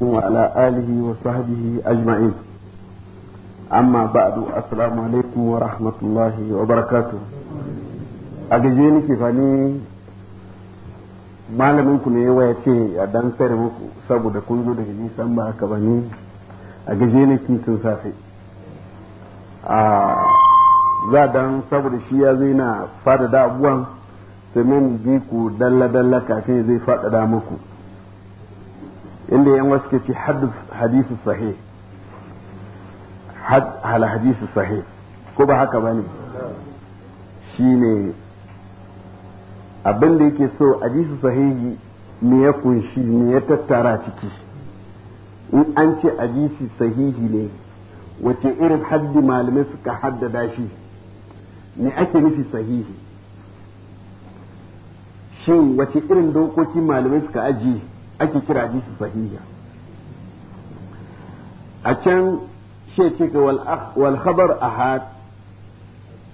وعلى آله وصحبه أجمعين أما بعد السلام عليكم ورحمة الله وبركاته أجزيني كفاني malamin ku ne ya ce a dan tsare muku saboda kun zo daga nisan ba haka ba ne a gaje ne tun safe a za dan saboda shi ya zai na fada da abuwan sai mun bi ku dalla dalla kafin zai fada da muku inda yan wasu ke ce hadisu sahi. hal hadisu sahi, ko ba haka bane shine abin da yake so hadisu sahihi ne ya kunshi ne ya tattara ciki in an ce hadisi sahihi ne wace irin haddi malamai suka haddada shi me ake nufi sahihi shin wace irin dokoki malamai suka ajiye ake kira hadisi sahiha a can shi ce ka wal ahad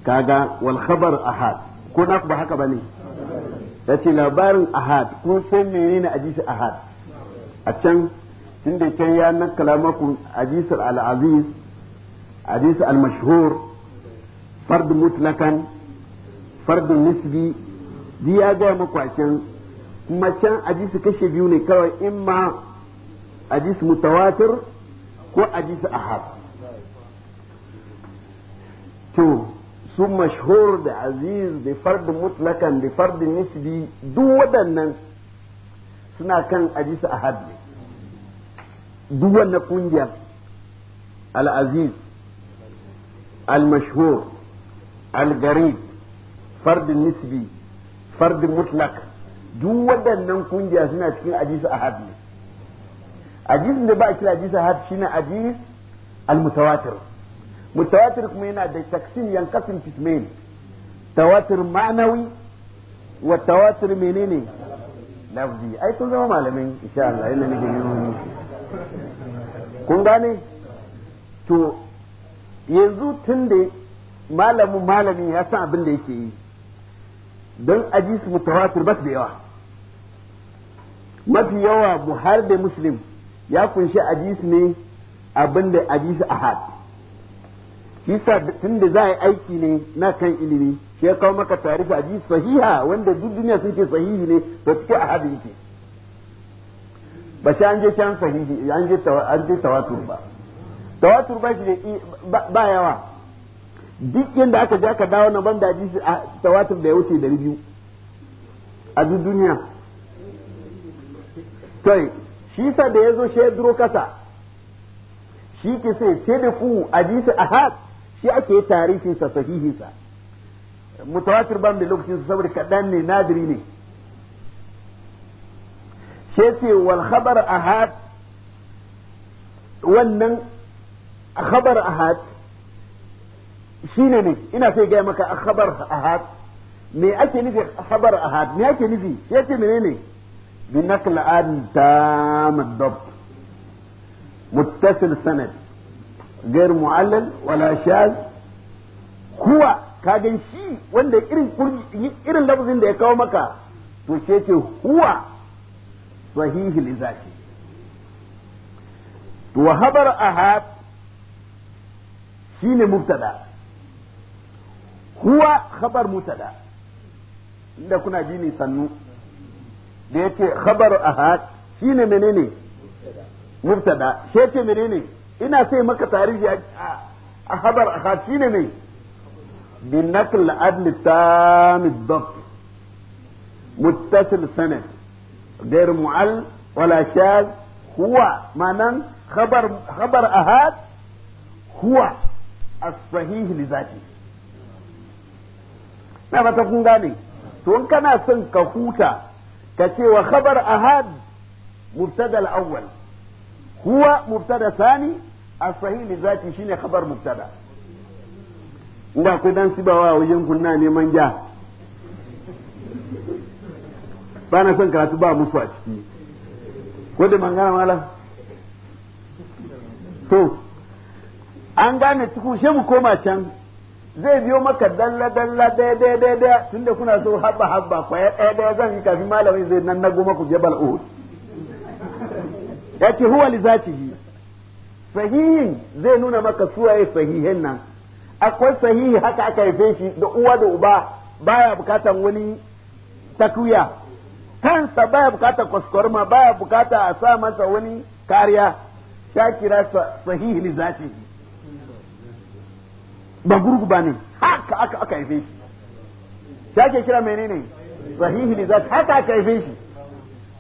kaga wal ahad ko na ba haka bane ya ce labarin ahad kun san menene hadisi ahad a can tunda can ya nakala maku hadisi al-aziz hadisi al-mashhur fard mutlakan fard nisbi ya gaya maku a can macen hadisi kashe biyu ne kawai in ma hadisi mutawatir ko hadisi ahad to su mashhur da aziz da fardin mutlakan da fardin nisbi duk waɗannan suna kan hadisi ahad ne duk wanda kungiyar al-aziz al-mashhur al-garib fardin nisbi fardin mutlak duk waɗannan kungiya suna cikin hadisu ahad ne hadisin da ba a kira a hadu shi ne al almutawatir. mutawatir kuma yana da taksim yankasin fitmen tawatir ma'anawi wa tawatir menene lafzi ai kun zama malamin insha Allah yana nake yi kun gane to yanzu tun da malamin ya san abin da yake yi don aji su mutawatir ba su da yawa mafi yawa buhar da muslim ya kunshi ajis ne abin da ajis ahad Kisa tun da za a yi aiki ne na kan ilimi shi ya kawo maka tarifi hadisi sahiha wanda duk duniya sun ce sahihi ne ba su ce hadin yake ba shi an je can sahihi an je an je tawatur ba tawatur ba shi ne ba yawa duk yadda aka je aka dawo na ban banda a tawatur da ya wuce dari biyu a duk duniya to shi sa da ya zo shi duro kasa shi ke sai sai da ku a haɗ shi ake yi tarihinsa sahihinsa sa mutawatir ban da lokacin saboda kadan ne nadiri ne shi ce wal khabar haɗ wannan khabar haɗ shine ne ina sai gaya maka khabar haɗ me ake nufi khabar haɗ me ake nufi ce menene ne بنقل عن تام الضبط متصل سند غير معلل ولا شاذ هو كاجن شي وند ايرن قرن ايرن لفظين ده يكاو مكا تو شيتي هو صحيح لذاتي تو خبر احد شيني مبتدا هو خبر مبتدا عندكم كنا جيني سنو da ce khabar ahad shine menene mubtada shi yace menene ina sai maka tarihi a khabar ahad shine ne bin nakl adl tam ad-dabt muttasil sanad wala shaz huwa manan khabar khabar ahad huwa as-sahih li zati na ba ta kun gane to in kana son ka huta كتي وخبر أهاد مبتدا الأول هو مبتدا ثاني الصحيح لذاته شين خبر مبتدا da ku dan sibawa wajen kunna neman ja ba na son karatu ba musu a ciki to an gane cikin mu koma can zai biyo maka dalla dalla daya daya daya daya tunda kuna so habba habba kwaya daya daya zan yi kafin malamin zai nan na goma ku jabal uhud yace huwa li zatihi sahihin zai nuna maka suwaye sahihin nan akwai sahihi haka aka haife shi da uwa da uba baya bukatan wani takwiya kansa baya bukatan kwaskwarma baya bukata a sa masa wani kariya shakira sahihi li zatihi ba gurgu ba ne haka aka aka haife shi ya ke kira menene sahihi da zat haka aka haife shi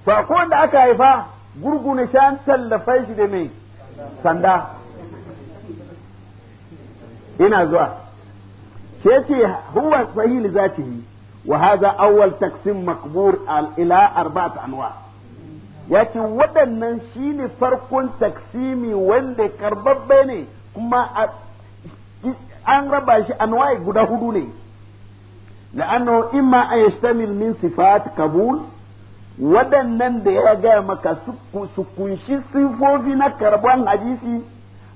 fa ko wanda aka haifa gurgu ne shan tallafa shi da mai sanda ina zuwa shi ce huwa sahihi zatihi wa hadha awwal taqsim maqbur al ila arba'at anwa yace waɗannan shine farkon taksimi wanda karbabbe ne kuma an raba shi an waye guda hudu ne la'annahu imma an yastamil min sifat kabul waɗannan da ya gaya maka su kunshi sifofi na karban hadisi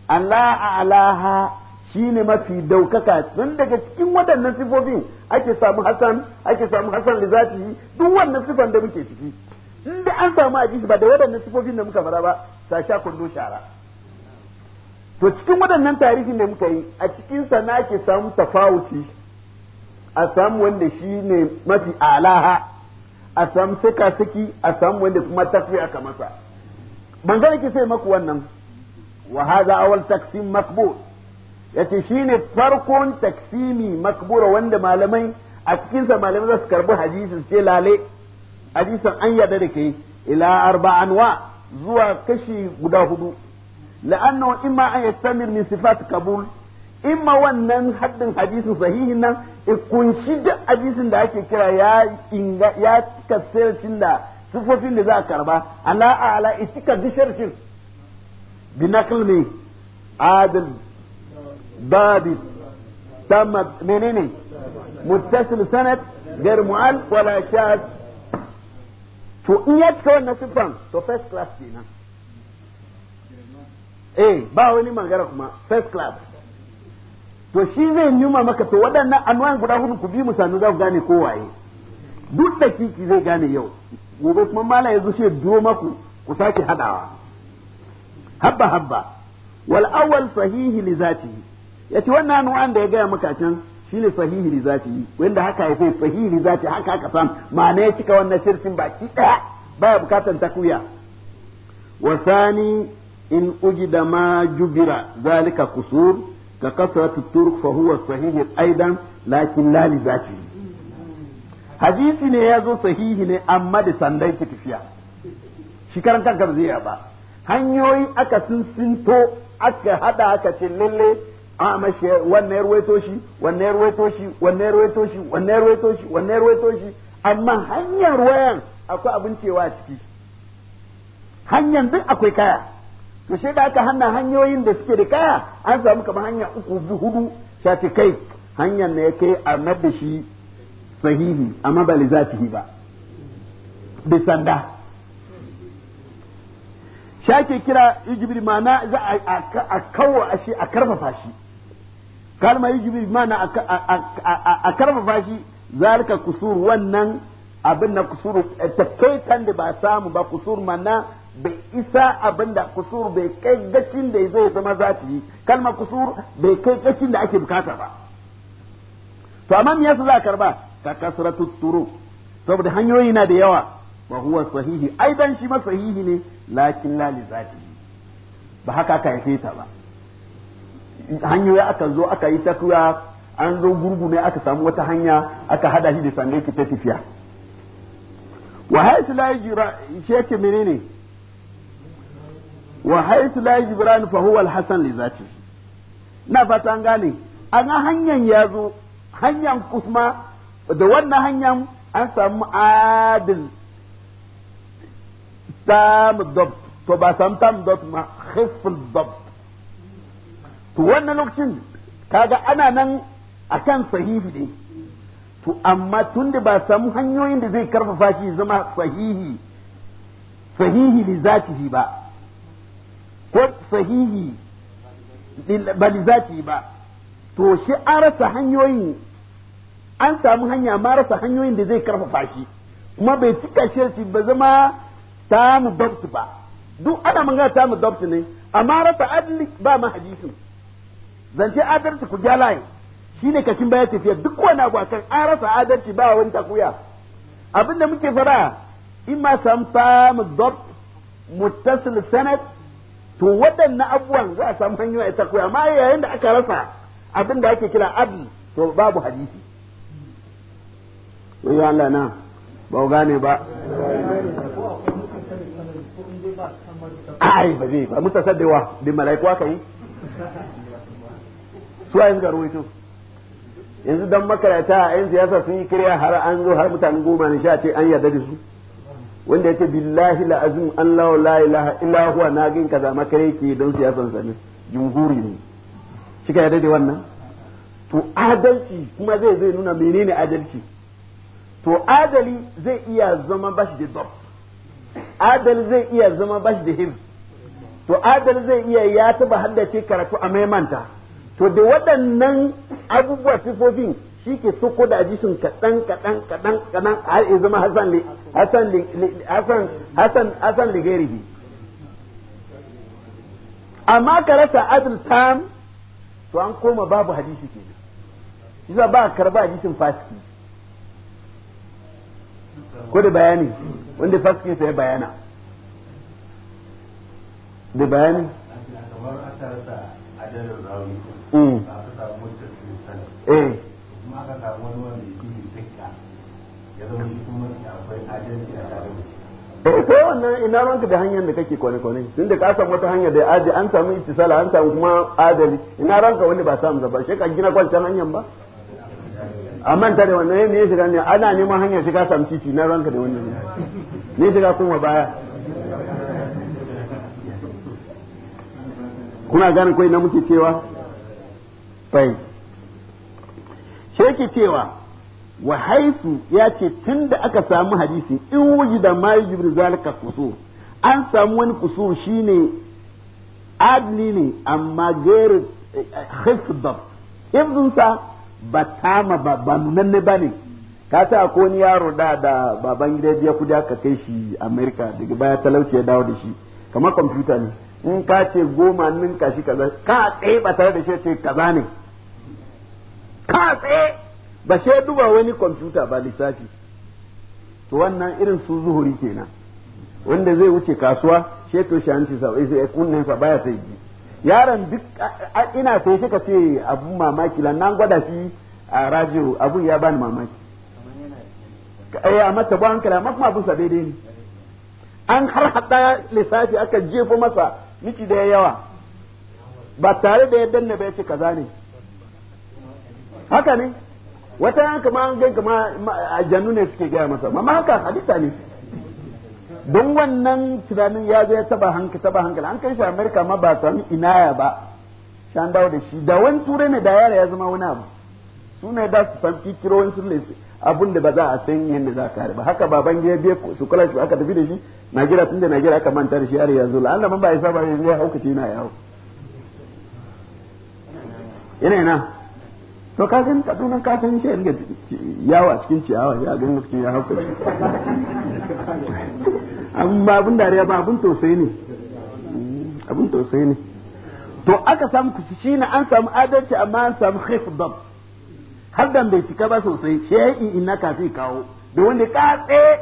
Allah alaha shine mafi daukaka tun daga cikin waɗannan sifofin ake samu Hassan ake samu Hassan lizati duk wannan sifan da muke ciki inda an samu hadisi ba da waɗannan sifofin da muka fara ba sasha kundo shara to cikin waɗannan tarihin da muka yi a cikin sa na ke samu tafawuci a samu wanda shi ne mafi alaha a samu saka saki a samu wanda kuma tafiya aka masa ban ga ke sai maku wannan wa hadha awal taqsim ce yace shine farkon taksimi makbura wanda malamai a cikin sa malamai za su karbi hadisin sai lale hadisin an yarda da ke ila arba'anwa zuwa kashi guda hudu la'annahu imma an yastamir min sifat qabul imma wannan haddin hadisin sahihin nan kunshi da da ake kira ya inga ya kasircin da sifofin da za a karba ala ala itika disharcin binakl ne adil babi tamad menene muttasil sanad غير معل ولا شاذ to in ya cika wannan siffan to first class kenan eh ba wani mangara kuma first class to shi zai nima maka to waɗannan anwayan guda hudu ku bi mu sanu za ku gane ko waye duk da kiki zai gane yau gobe kuma mala ya shi duro maku ku sake hadawa habba habba wal awwal sahihi li zatihi yace wannan anwayan da ya gaya maka can shine sahihi li zatihi wanda haka ya sai sahihi li zatihi haka haka sam ma'ana ya cika wannan shirkin baki daya baya bukatan takuya wa sani in ujida ma jubira zalika kusur ka kasratu turk fa huwa sahih aidan lakin la li hadisi ne ya zo sahihi ne amma da sandan ki tafiya shi karan kanka hanyoyi aka sun aka haɗa aka ce lalle a mashi wannan ruwaito shi wannan ruwaito shi wannan ruwaito shi wannan amma hanyar wayan akwai abin cewa a ciki hanyar duk akwai kaya to shi da aka hana hanyoyin da suke da kaya an samu kamar hanya uku biyu hudu shafi kai hanyar ne yake a da shi sahihi amma ba li zatihi ba bi sanda shake kira ijibri mana za a kawo a shi a karfafa shi kalma ijibri mana a karfafa shi zalika kusur wannan abin na kusur eh, takaitan da ba samu ba kusur mana bai isa abin da kusur bai kai gacin da zai zama zati yi kalmar kusur bai kai gacin da ake bukata ba to amma me yasa za karba ta kasratu turu saboda hanyoyi na da yawa wa huwa sahihi aidan shi ma sahihi ne lakin la li zati ba haka ka haife ta ba hanyoyi aka zo aka yi tafiya an zo gurgu ne aka samu wata hanya aka hada shi da sannan ki ta tafiya wa haisu la yajira shi yake menene wa haisu la jibran fa huwa al li zati na fata an gane an hanyar ya zo hanyar kuma da wannan hanyar an samu adil tam dabt to ba sam tam dabt ma khifl dabt to wannan lokacin kaga ana nan akan sahihi ne to amma tun ba samu hanyoyin da zai karfafa shi zama sahihi sahihi li zatihi ba ko sahihi ba zati ba to shi an rasa hanyoyin an samu hanya ma rasa hanyoyin da zai karfafa shi kuma bai cika shi ba zama ta mu dabtu ba duk ana magana ta mu dabtu ne amma rasa adli ba ma hadisin zance adalci ku gyalaye shine ne kashin baya tafiya duk wani abu akan an rasa adalci ba wani takuya abinda muke fara in ma samu ta mu dabtu muttasil sanad to waɗannan abubuwan za a samu hanyoyi a takwai amma yayin da aka rasa abin da ake kira abu to babu hadisi wai Allah na ba gane ba ai ba zai ba mutasaddiwa bin mala'iku aka yi su ayin ga ruwaito yanzu dan makarata yan siyasa sun yi kirya har an zo har mutane goma ne sha ce an yarda da su wanda yake billahi la azim Allah la ilaha illa huwa na gin kaza maka ke don siyasan sa ne jumhuri ne kika yarda da wannan to adalci kuma zai zai nuna menene adalci to adali zai iya zama bashi da dab adali zai iya zama bashi da him to adali zai iya ya taba haddace karatu a maimanta to da waɗannan abubuwa sifofin shi ke so ko da ajishin kaɗan kaɗan kaɗan kaɗan har ya zama hasan hasan hasan hasan hasan ligairihi amma ka rasa adil tam to an koma babu hadisi kenan yasa ba a karba hadisin fasiki ko da bayani wanda fasiki sai bayana da bayani kamar aka rasa adalin rawi ba mm. a samu eh kuma aka wani ya zama shi kuma akwai adalci a tare da shi wannan ina ranka da hanyar da kake kone kone tun da ka samu wata hanyar da aji an samu an samu kuma adali ina ranka ba samu zaba shi ka gina kwancan hanyar ba amma ta da wannan shiga ne ana neman hanyar shiga samu titi na ranka da wannan ne shiga kuma baya kuna gane kai na muke cewa sheki cewa wa haisu ya ce tun da aka samu hadisi in wuji da ma yujibru zalika kusur an samu wani kusur shine adli ne amma gairu eh, hisbab sa ba tama ba ba nunanne ba ne ka sa ko ni yaro da da baban gida ya kudi aka kai shi america daga baya talauci ya dawo da shi kamar kwamfuta ne in ka ce goma ninka shi kaza ka tsaye ba tare da shi ce kaza ne ka tsaye ba sai duba wani kwamfuta ba lissafi to wannan irin su zuhuri kenan wanda zai wuce kasuwa sheto shi hanci sa sai kunnen sa baya sai ji yaron duk ina sai ka ce abun mamaki nan gwada shi a radio abun ya bani mamaki eh amma ta ba hankali amma kuma abun sa daidai ne an har hada lissafi aka jefo masa miki da yawa ba tare da ya danna ba ya ce kaza ne haka ne wata yan kama an gan kama janu ne suke gaya masa amma haka hadisa ne don wannan tunanin ya zo ya taba hankali taba hankali an kai shi amerika ma ba sami inaya ba shan dawo da shi da wani turai ne da yara ya zama wani abu su ne da su san kikiro wani sun lesi abin da ba za a san yadda za ka ba haka baban ya biya su kula shi aka tafi da shi najeriya tun da najeriya aka manta da shi har yanzu la'alla man ba ya saba ya haukace na yawo ina ina to ka gani tunan ka san shi ga yawa cikin ciyawa ya ga mutum ya hauka shi amma abun dariya ba abun tausayi ne abun tausayi ne to aka samu shi na an samu adalci amma an samu khifdab har dan bai cika ba sosai yi inna kafi kawo da wanda ka tsaye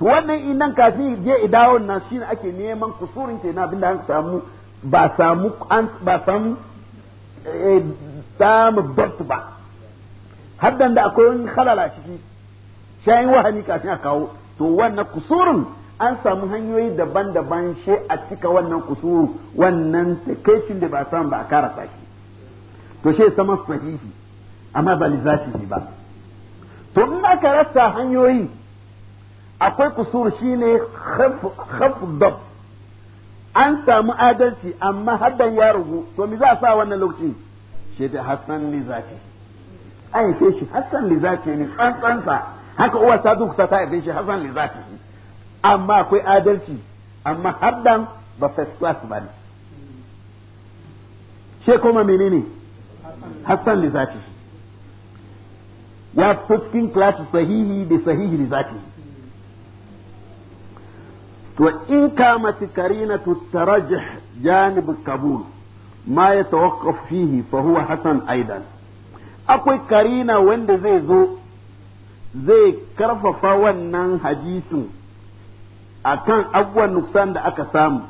to wannan innan kafi je idawon na shine ake neman kusurin kenan abinda an samu ba samu ba samu eh, samun barsu ba haddan da akwai wani halala ciki shayin wahani kafin a kawo to wannan kusurun an samu hanyoyi daban-daban shi a cika wannan kusuru wannan takaicin da ba samu ba a kara shi to shi sama sahihi amma ba lizafi ba to in aka rasa hanyoyi akwai kusur shine khaf dab an samu adalci amma haddan ya rugu to mi za a sa wannan lokaci shi da hassan li zafi an yi shi hassan za zafi ne tsantsansa haka uwa ta duk ta yi shi hassan li zafi amma akwai adalci amma haddan ba first class ba ne she kuma menene hassan li zafi ya fuskin class sahihi da sahihi li zafi to in kamati karinatu tarajih janib kabulu ما يتوقف فيه فهو حسن أيضا أقول كارينا وين زي زو زي كرف فاوان نان حديث أكان أول نقصان دا أكسام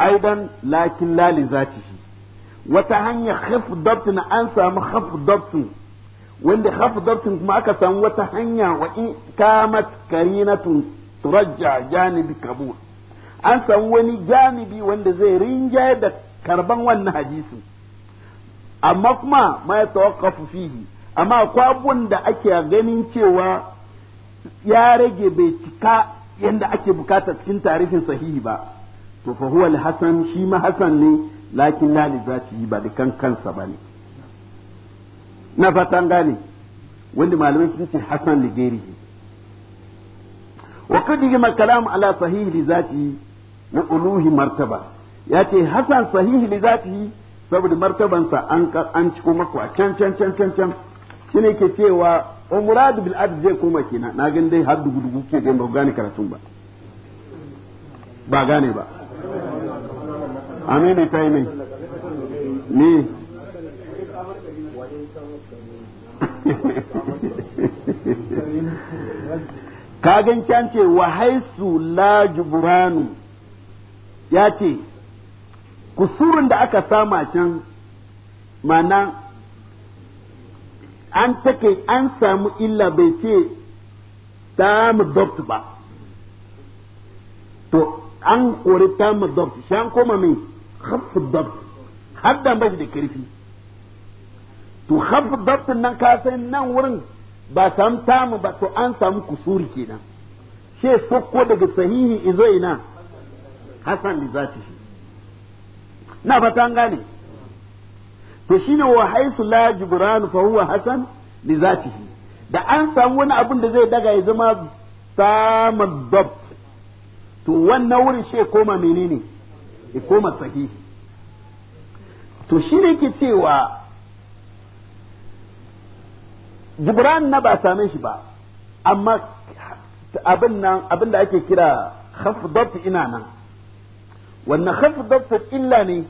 أيضا لكن لا لذاته وتهني خف ضبط أنسى ما خف ضبط وين خف ضبط ما أكسام وتهني وإن كامت كارينة ترجع جانب كبول أنسى وين جانبي وين زي رينجا karban wannan hadisi amma kuma ma ya tawakkafu fihi amma akwai abun da ake ganin cewa ya rage bai cika yadda ake bukata cikin tarihin sahihi ba to fa huwa hasan shi ma hasan ne lakin la yi ba da kan kansa ne. na fatan gane wanda malamai sun ce hasan ligerihi wa qad ma kalam ala sahihi li zati wa uluhi martaba ya ce hasan sahihi za yi saboda martabansa an an ciko maka can can can can can shine ke cewa umrad bil abd zai koma kenan na gan dai har dugu dubu ke gan ba gane karatun ba ba gane ba amene yi ne ni kagan can ce wa haisu la juburanu ya ce kusurin da aka sama can mana an take an samu illa bai ce tamu dobt ba to an kori tamu mu shi an koma mai hafi dobt hadda ba da karfi to hafi dobt nan ka sai nan wurin ba samu tamu ba to an samu kusuri kenan shi sokko daga sahihi izo ina hasan da za shi na fata an gane to shine wa haisu la jibran fa huwa hasan li zatihi da an samu wani abin da zai daga ya zama samun dab to wannan wurin shi koma menene ya koma sahi to shi ke cewa jibran na ba same shi ba amma abin nan abin da ake kira khafdat ina nan wannan khafdatu illa ne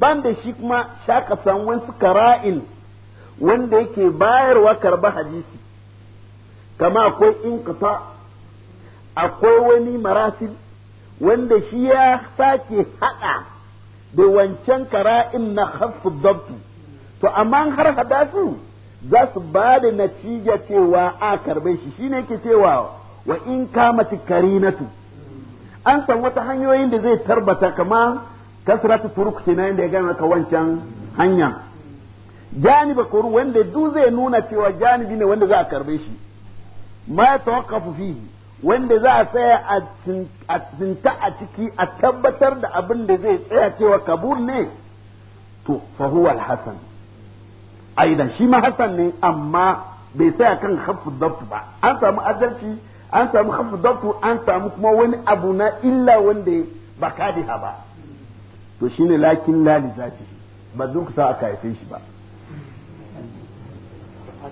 ban da shi kuma shaka san wasu kara'il wanda yake bayarwa karba hadisi kama akwai in akwai wani marasil wanda shi ya sake haɗa da wancan kara'in na khafdatu to amma har hada su za su ba da natija cewa a karbe shi shine ke cewa wa in kamati karinatu an san wata hanyoyin da zai tarbata kama kasratu turuk kenan inda ya gane ka wancan hanya janiba kuru wanda du zai nuna cewa janibi ne wanda za a karbe shi ma tawaqqafu fihi wanda za a tsaya a tsinta a ciki a tabbatar da abin da zai tsaya cewa kabul ne to fa huwa al shi ma hasan ne amma bai tsaya kan khaffu dhabt ba an samu adalci an samu khafdatu an samu kuma wani abu na illa wanda ba kadiha ba to shine lakin lali zafi ba zuku sa aka haife shi ba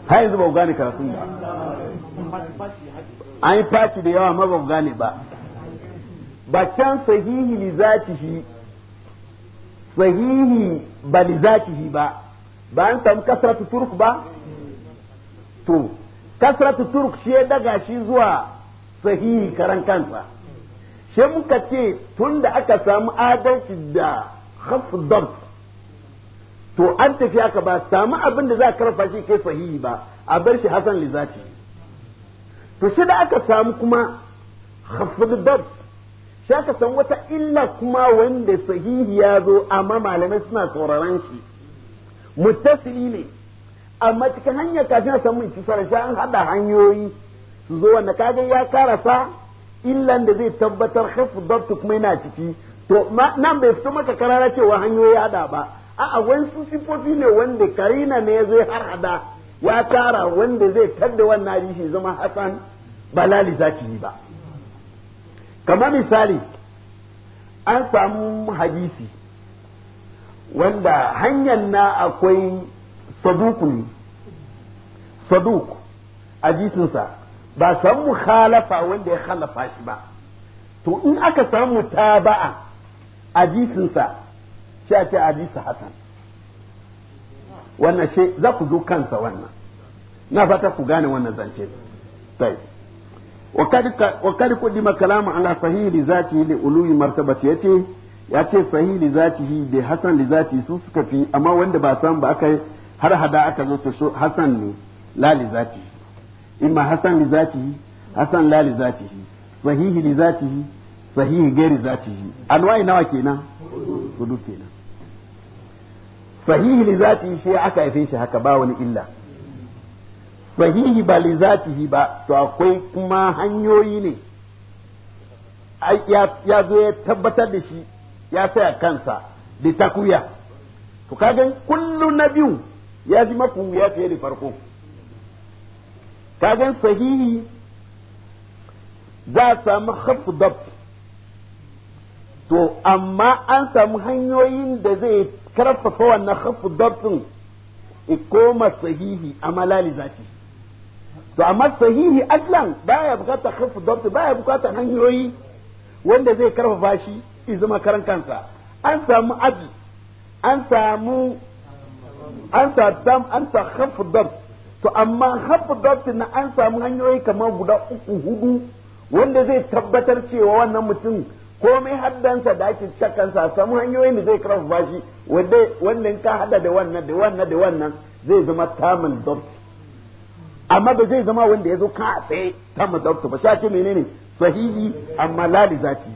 ha yanzu ba ku gane karatun ba an yi fashi da yawa ma ba ku gane ba ba can sahihi li zatihi sahihi ba li zatihi ba ba an samu kasratu turuk ba to kasratu turk shi ya daga shi zuwa sahihi karan kansa sai muka ce tun da aka samu adalci da hafdam to an tafi aka ba samu abin da za a karfa shi kai sahihi ba a bar shi hasan lizaci to shi da aka samu kuma hafdam shi aka samu wata illa kuma wanda sahihi ya zo amma malamai suna sauraron shi muttasili ne amma cikin hanyar kafin na samun mai shi an hada hanyoyi su zo wanda kaga ya karasa illan da zai tabbatar hafizatu kuma yana ciki to nan bai fito maka karara cewa hanyoyi hada ba a'a wani su sifofi ne wanda karina ne zai har hada ya tara wanda zai tadda wannan rishi zama hasan ba lali za ki yi ba kamar misali an samu hadisi wanda hanyar na akwai saduqun saduq hadisinsa ba san mukhalafa wanda ya khalafa shi ba to in aka samu taba'a hadisinsa sai a ce hadisi hasan wannan shi za ku zo kansa wannan na fata ku gane wannan zance sai wa kad kudima makalama ala li zati li ulumi martabati yace ya ce li zati bi hasan li zati su suka fi amma wanda ba san ba aka har hada aka zo ta so hasan ne lali zati imma hasan li zati hasan lali zati sahihi li zati sahihi gairi zati anwa'i nawa kenan hudu kenan sahihi li zati shi aka haife shi haka ba wani illa sahihi ba li zati ba to akwai kuma hanyoyi ne ya zo ya tabbatar da shi ya saya kansa da takuya to kagan kullu na biyu ya fi mafi wuya fiye da farko kagan sahihi za a samu hafdab to amma an samu hanyoyin da zai karfafa wannan hafdab din koma sahihi amma lalizati to amma sahihi aslan baya bukata hafdab baya bukata hanyoyi wanda zai karfafa shi izuma karan kansa an samu abi an samu an sa an sa to amma hafi na an samu hanyoyi kamar guda uku hudu wanda zai tabbatar cewa wannan mutum komai haddansa da ake cakansa samu hanyoyin da zai karfafa shi wanda in ka hada da wannan da wannan da wannan zai zama tamil dabt amma ba zai zama wanda ya zo ka tsaye tamil dabt ba ce menene sahihi amma lali zati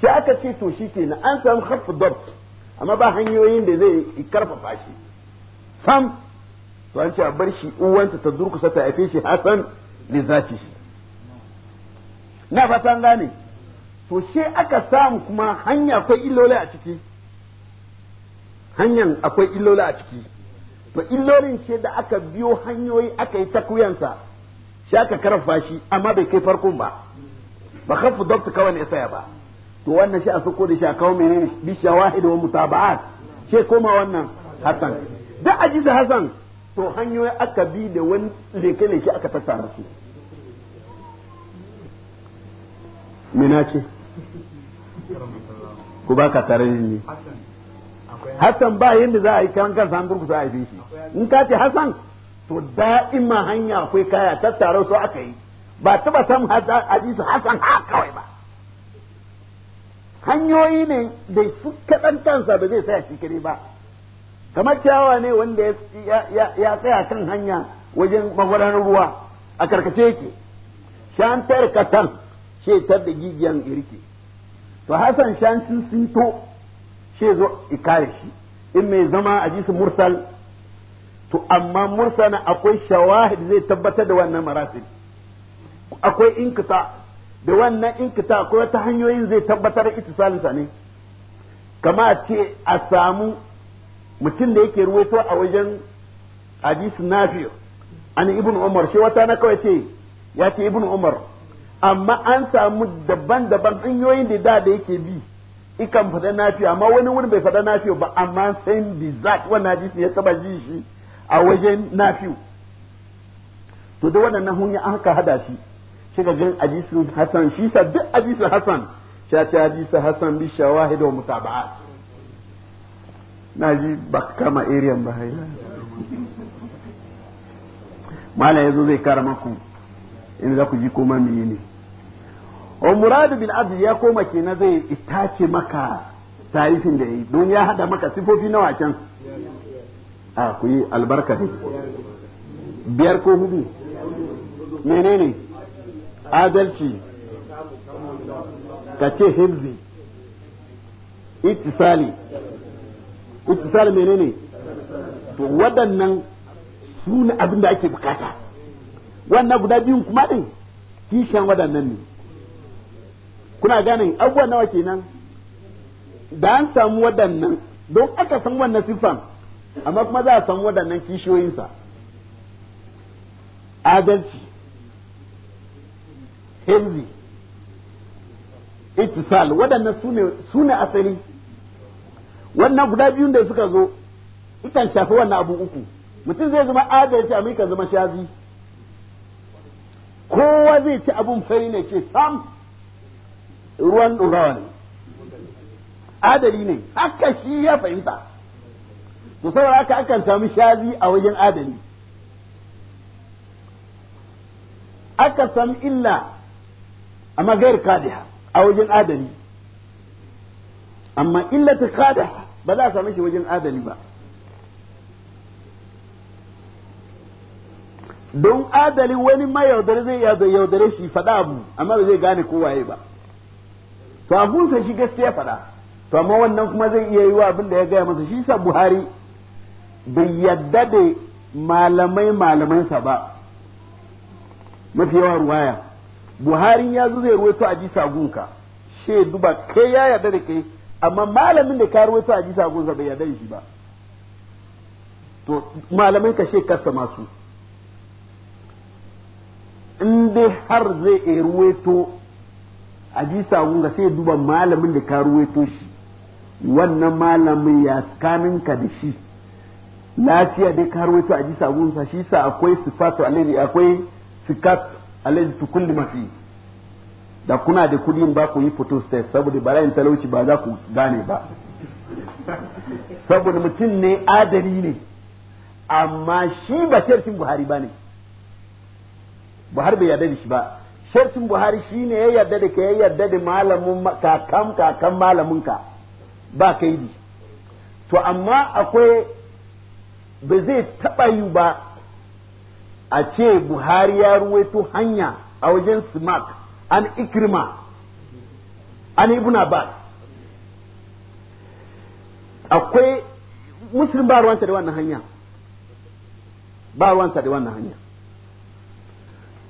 shi aka ce to shi kenan an samu harfi amma ba hanyoyin da zai karfafa shi sam to an ce a bar shi uwanta ta durkusa ta haife shi hasan ne zaci shi na fatan gane to she aka samu kuma hanya akwai illoli a ciki hanyan akwai illoli a ciki to illolin ce da aka biyo hanyoyi aka yi takuyansa shi aka karfafa shi amma bai kai farkon ba ba kafu dabta kawai ne ya saya ba to wannan shi a sako da shi a kawo menene bi shawahid wa mutaba'at she koma wannan hasan da ajiza hasan to hanyoyi aka bi da wani leke leke aka tattara su mina ce ku baka tare ne hasan ba yadda za a yi kan kansa an durkusa a shi in ka ce hasan to da'ima hanya akwai kaya tattara su aka yi ba taba samun hadisi hasan ha kawai ba hanyoyi ne da su kaɗan kansa ba zai tsaya shi kare ba kamar ciyawa ne wanda ya tsaya kan hanya wajen magudanar ruwa a karkace yake shantar katan shetar da gigiyan irke to hasan shantin sun to she zo ikare shi in mai zama a jisu mursal to amma mursana akwai shawahid zai tabbatar da wannan marasil akwai inkita da wannan in ka ta akwai ta hanyoyin zai tabbatar ittisalinsa ne kama ce a samu mutum da yake ruwaito a wajen hadisu nafi an ibn umar shi wata na kawai ce ya ce ibn umar amma an samu daban-daban hanyoyin da da da yake bi ikan faɗa nafi amma wani wurin bai faɗa nafi ba amma sai bizat wannan hadisi ya taba ji shi a wajen nafi to da waɗannan hunya an haka hada shi kika jin hadisin hasan shi sa duk hadisin hasan sha ta hadisin hasan bi shawahid wa mutaba'at na ji ba kama area ba haila mala yazo zai kara maku in za ku ji koma meye ne umrad bin abd ya koma kenan zai itace maka tarifin da yi don ya hada maka sifofi nawa can a ku yi albarka biyar ko hudu menene adalci ka ce hibzi itisali ittisali menene to waɗannan suna abin da ake bukata wannan guda biyun kuma ɗin kishan waɗannan ne kuna ganin abubuwan nawa kenan da an samu waɗannan don aka san wannan siffan amma kuma za a samu waɗannan kishiyoyinsa adalci hizbi ittisal waɗannan su ne asali wannan guda biyun da suka zo ikan shafi wannan abu uku mutum zai zama adalci amma yakan zama shazi kowa zai ci abun fari ne ce sam ruwan ɗorawa ne adali ne haka shi ya fahimta to saboda haka akan samu shazi a wajen adali aka san illa amma gair kadiha a wajen adali amma illata kadiha ba za a same shi wajen adali ba don adali wani ma yaudare zai yaudare shi faɗa mu amma ba zai gane waye ba to abunsa shi gaskiya faɗa to amma wannan kuma zai iya yi wa abin da ya gaya masa shi sa buhari bai yadda da malamai malamansa ba mafi yawan ruwaya buhari ya zo zai ruwaito a jisa gunka she duba kai ya yarda da kai amma malamin da ka ruwaito a jisa gunka bai yarda da shi ba to malamin ka she kasa masu in dai har zai ruwaito a jisa gunka sai duba malamin da ka ruwaito shi wannan malamin ya ka da shi lafiya dai ka ruwaito a jisa gunka shi sa akwai sifatu alayhi akwai sikat tu kulli ma fi da kuna da kudin ba ku yi photo state saboda barayin talauci ba za ku gane ba saboda mutum ne adali ne amma shi ba sharcin buhari ba ne buhari bai yarda da shi ba sharcin buhari shi ne ya yarda da ka ya yarda da malamin kakan kakan malamin ka ba bi to amma akwai ba zai taɓa yi ba a ce buhari ya ruwaito hanya a wajen smart an ikrima an ibn abbas akwai muslim ba ruwanta da wannan hanya ba ruwanta da wannan hanya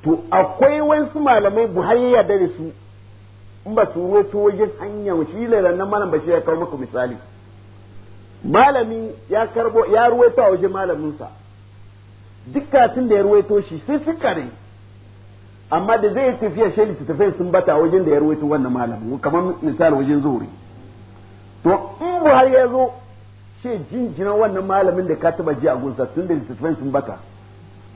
to akwai wasu malamai buhari ya da su in ba su ruwaito wajen hanya shi nan malam ba shi ya kawo maku misali malami ya karbo ya ruwaito a wajen malaminsa duk da ya ruwaito shi sai suka ne amma da zai tafiya shi littattafai sun bata wajen da ya ruwaito wannan malamin kamar misali wajen zuri to in buhari ya zo she jinjina wannan malamin da ka taba ji a gunsa tun da littattafai sun bata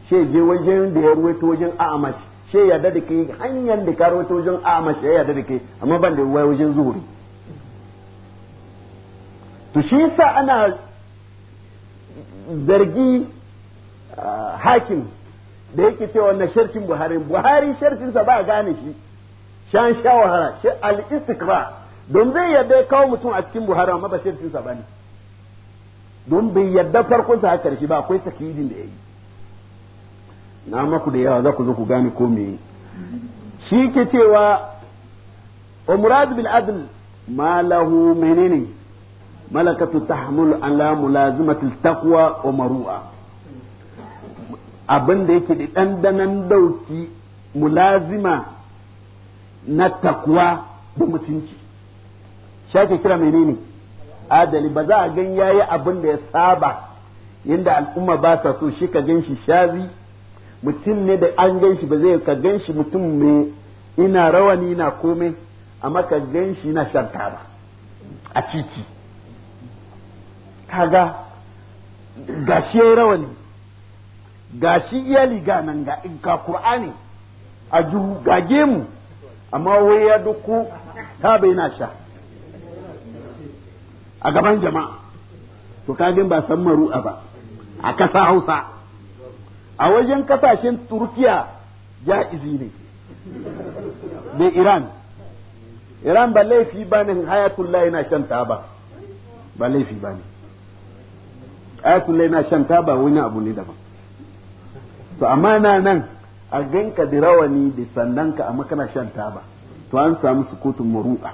she je wajen da ya ruwaito wajen a'amashi she yarda da kai hanyar da ka ruwaito wajen a'amashi ya yarda da kai amma ban da wajen zuri to shi yasa ana zargi hakim da yake cewa na sharcin buhari buhari sharcinsa ba gane shi shan sha shi al-istikra don zai yadda ya kawo mutum a cikin buhari amma ba sharcinsa ba ne don bai yadda farkon sa karshe ba akwai takidin da yayi na maku da yawa za ku zo ku gane ko me shi ke cewa umrad bil adl ma lahu menene malakatu tahmul ala mulazimati taqwa wa maru'a abin da yake da ɗandanan dauki mulazima na takwa da mutunci shake kira menene adali ba za a gan yayi abin da ya saba yadda al'umma ba sa so shi ka gan shi shazi mutum ne da an gan shi ba zai ka gan shi mutum mai ina rawani na komai amma ka gan shi na shanta ba a ciki kaga gashi rawani ga shi iyali ga nan ga in ka qur'ani a juhu ga gemu amma wai ya duku ta bai na sha a gaban jama'a to kagin ba san maru'a ba a kasa hausa a wajen kasashen turkiya ya izi ne da iran iran ba laifi ba ne hayatullah yana shan taba ba laifi ba ne hayatullah yana shan taba wani abu ne daban to amma na nan a ganka da rawani da sannanka amma kana shan taba to an samu sukutun muru'a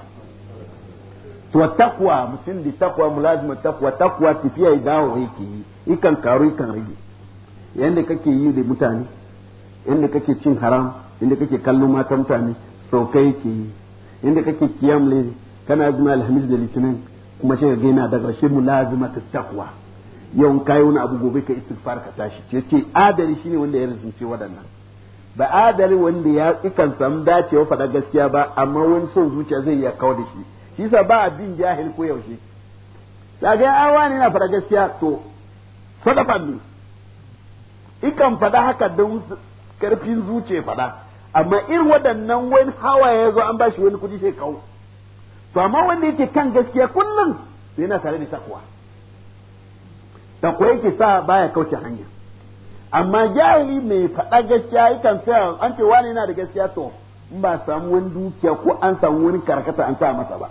to takwa mutum da takwa mulazima takwa takwa tafiya ya dawo yake yi ikan karu ikan rage yadda kake yi da mutane yadda kake cin haram yadda kake kallon matan mutane saukai yake yi yadda kake kiyam kana zuma alhamis da litinin kuma shi ga yana daga shi mulazima takwa yau kayi wani abu gobe ka istighfar ka tashi ce ce adali shine wanda ya rizince waɗannan ba adali wanda ya ikan samu dacewa faɗa gaskiya ba amma wani son zuciya zai iya kawo da shi shi sa ba abin jahil ko yaushe kaga an ne na faɗa gaskiya to faɗa fanni ikan faɗa haka don karfin zuciya faɗa amma irin waɗannan wani hawa ya zo an bashi wani kudi sai kawo to amma wanda yake kan gaskiya kullum yana tare da takwa ko yake sa baya kauce hanya amma jahili mai faɗa gaskiya yakan tsaya an ce wani yana da gaskiya to in ba samu wani dukiya ko an samu wani karkata an sa masa ba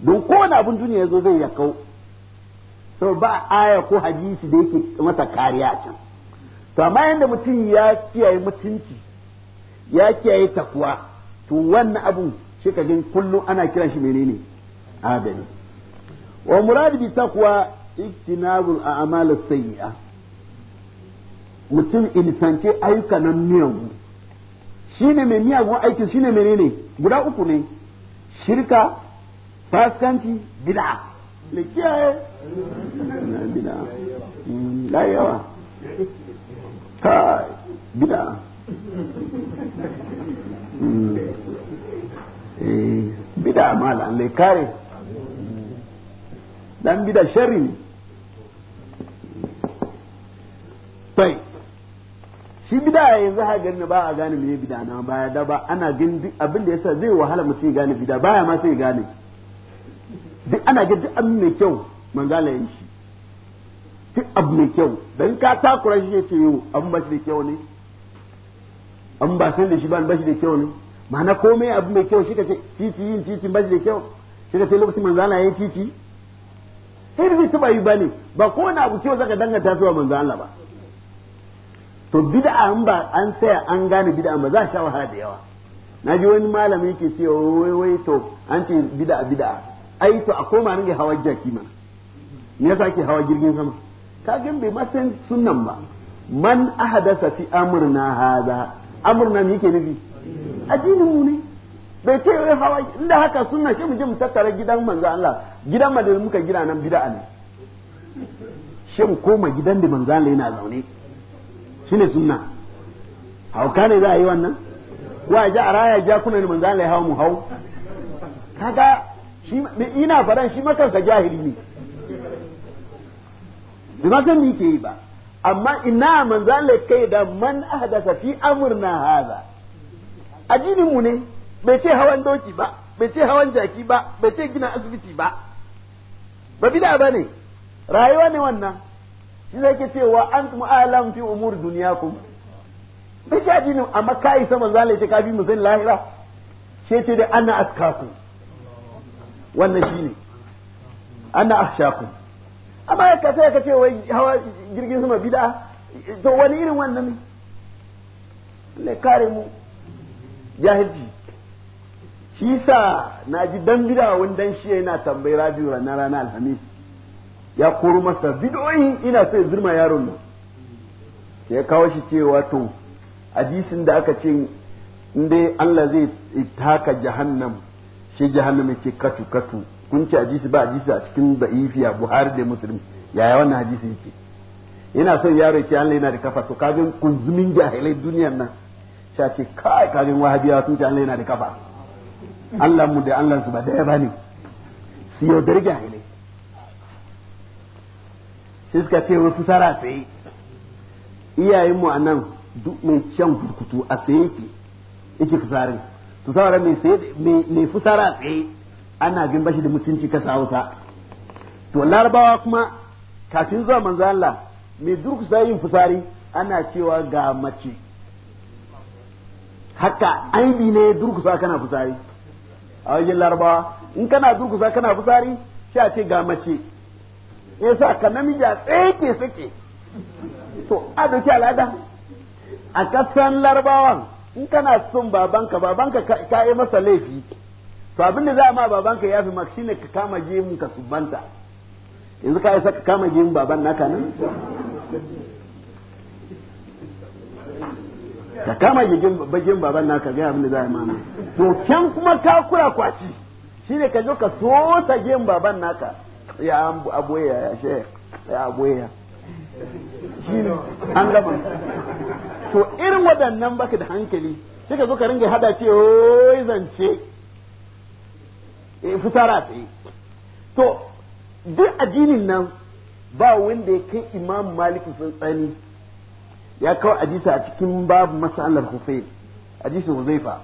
don kowane abin duniya yazo zai ya kau to ba aya ko hadisi da yake masa kariya a can to amma yanda mutum ya kiyaye mutunci ya kiyaye takwa to wannan abun shi ka kullum ana kiran shi menene adali wa murad bi takwa ijtinabul a'mal as-sayyi'a mutum ilisance ayyuka na miyagu shine mai miyagun aiki shine menene guda uku ne shirka faskanci bid'a le kiyaye bid'a la mm, yawa ta bid'a mm. eh, bid'a mala le kare dan bid'a sharri bai shi bida yanzu ha gani ba a gane me bida na baya da ba ana gani duk abin da yasa zai wahala mutum ya gane bida baya ma sai ya gane duk ana gani duk abin mai kyau gane yin shi duk abu mai kyau dan ka takura shi ce yau abin ba shi da kyau ne an ba san da shi ba ba shi da kyau ne ma'ana komai abu mai kyau shi ka ce titi yin titi ba shi da kyau shi ka ce lokacin manzala yin titi sai da zai taba yi ba ne ba kowane abu kyau zaka danganta zuwa manzo Allah ba to bid'a an ba an tsaya an gane bid'a ba za sha wahala da yawa na ji wani malami yake cewa wai wai to an ce bid'a bid'a ai to a koma ringa hawa jaki mana me yasa ke hawa jirgin sama ka gan bai ma san sunnan ba man ahadasa fi amrina hada. amrina me yake nufi addinin mu ne bai ce wai hawa inda haka sunna shi mu je mu tattara gidan manzo Allah gidan madina muka gina nan bid'a ne shin koma gidan da manzo Allah yana zaune shine sunna hauka ne za a yi wannan wa ja a raya jakunan manzo Allah ya hau mu hau kaga shi ina faran shi makansa jahili ne da ma san ke yi ba amma ina manzan kai da man ahdasa fi amurna hada addinin mu ne bai ce hawan doki ba bai ce hawan jaki ba bai ce gina asibiti ba ba bida ba ne rayuwa ne wannan shi zai ke cewa an kuma alam fi umur duniyakum bai ce addinin amma ka sama manzo ya ce ka bi musulun lahira shi ce da ana askaku wannan shine ana ahshaku amma ya ka sai ka ce wai hawa jirgin sama bid'a to wani irin wannan ne kare mu jahilci shi sa na ji dan bid'a wani dan shi yana tambayi radiyo ranar ranar alhamis ya koro masa bidoyi ina so ya zirma yaron nan sai ya kawo shi cewa to hadisin da aka ce dai Allah zai taka jahannam shi jahannam ce katu katu kun ci hadisi ba hadisi a cikin da'ifiya Buhari da Muslim yaya wannan hadisi yake ina son yaro ce Allah yana da kafa to kagin kunzumin jahilai duniyar nan sai ce kai kagin wahabiya sun ce Allah yana da kafa Allah mu da Allah su ba daya ne su yaudar jahilai sai suka ce wasu sara tsaye iyayenmu a nan duk mai can kurkutu a tsaye yake yake fusarin to saboda mai mai fusara tsaye ana bin bashi da mutunci ka sa Hausa to larabawa kuma kafin zuwa manzo Allah mai durkusa yin fusari ana cewa ga mace haka aibi ne durkusa kana fusari a wajen larabawa in kana durkusa kana fusari sai a ce ga mace ya sa ka namiji a tseke suke to a doki al'ada a kasan larabawan in kana son babanka babanka ka yi masa laifi to abin da za a ma babanka ya fi maka shine ka kama gemun ka subanta yanzu ka yi saka kama gemun baban naka nan ka kama bagin baban naka ga abin da za a mana to can kuma ka kura kwaci shine ka zo ka so ta gemun baban naka ya abuwa ya she ya abuwa ya an gama to irin waɗannan baka da hankali suka zo ka ringa hada ce oi zance eh, fitara tsaye to duk addinin nan ba wanda ya kai imam malik tsani ya kawo ajisa a cikin babu masalar hussein ajisa huzaifa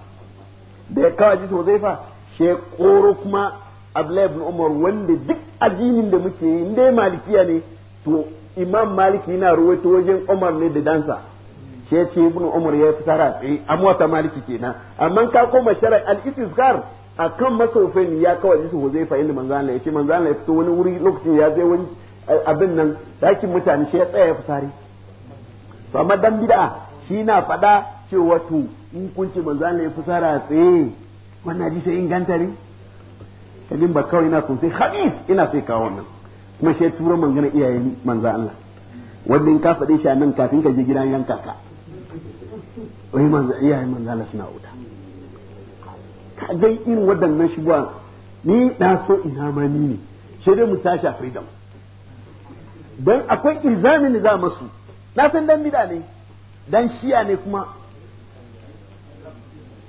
da ya kawo ajisa huzaifa shi koro kuma Abdullahi ibn Umar wanda duk addinin da muke yi dai malikiya ne to Imam Maliki yana ruwaito wajen Umar ne da dansa shi yace ibn Umar ya fitar a tsaye amma ta Maliki kenan amma ka koma shar'i al-istizkar akan masofin ya kawai su Huzaifa inda manzo Allah yace manzo Allah ya fito wani wuri lokacin ya zai wani eh, abin nan dakin mutane shi ya tsaya ya fitare to amma dan bid'a shi na faɗa cewa to in kun ce manzo Allah ya fitara tsaye wannan hadisi inganta ne ibn ba kawai ina sosai hadis ina sai kawo wannan kuma shi turo mangana iyaye manzo Allah wanda in ka faɗe shi a nan kafin ka je gidan yanka ka wai manzo iyaye manzo Allah suna wuta ka dai irin waɗannan shigowa ni na so ina ma ni ne sai dai mu tashi a freedom dan akwai ilzamin ne za masu na san dan bida ne dan shiya ne kuma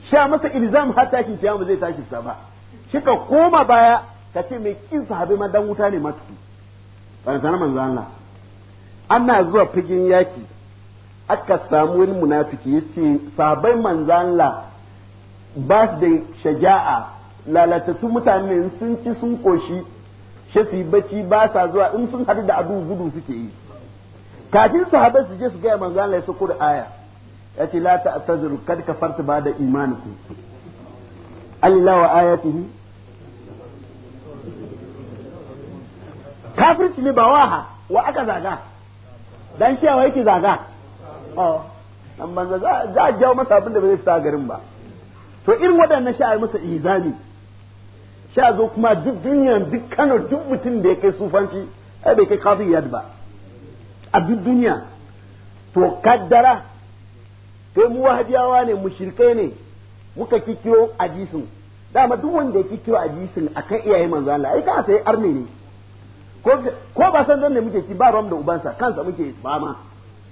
sha masa ilzam har tashin kiyama zai tashi sa ba kika koma baya ka ce mai kin sahabi ma dan wuta ne matu. ban manzo Allah ana zuwa figin yaki aka samu wani munafiki yace sahabai manzo Allah ba su da shaja'a lalatattu mutane sun ci sun koshi shi su bacci ba sa zuwa in sun hadu da abu gudu suke yi kafin sahabai su je su gaya manzo Allah ya sako da aya ce la ta'tazuru kad kafarta ba da imanikum Allah wa ayatihi kafirci ne ba waha wa aka zaga dan cewa yake zaga oh dan za a jawo masa abin da bai sa garin ba to irin waɗannan sha masa izani sha zo kuma duk duniyan duk Kano duk mutum da ya kai sufanci ai bai kai kafin yad ba a duk duniya to kaddara kai mu ne mushrikai ne muka kikiro hadisin dama duk wanda ya kikiro a kan iyaye manzo Allah ai kan sai arme ne ko ba san dan ne muke ci ba ram da ubansa kansa muke fama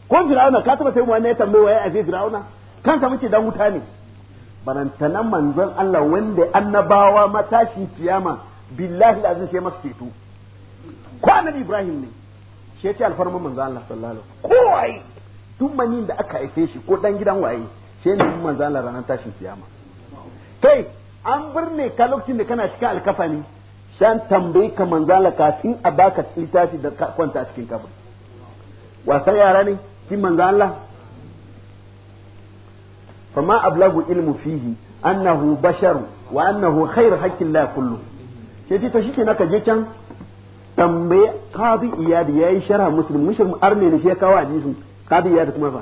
ko jirauna ka taba sai mu ya tambaye waye aje jirauna kansa muke dan wuta ne barantanan manzon Allah wanda annabawa matashi kiyama billahi lazim sai masa ceto ko annabi Ibrahim ne shi ya ce alfarman manzon Allah sallallahu alaihi wasallam ko waye duk manin da aka haife shi ko dan gidan waye shi ne manzon Allah ranar tashin kiyama kai an birne ka lokacin da kana cikin alkafani shan tambayi ka manzala kafin a baka littafi da kwanta a cikin kabari wasan yara ne kin manzo Allah ma ablagu ilmu fihi annahu bashar wa annahu khair hakkin la kullu sai to shike naka je can tambaye qadi iyad yayi sharha muslim muslim arne ne sai kawo hadisin qadi iyad kuma fa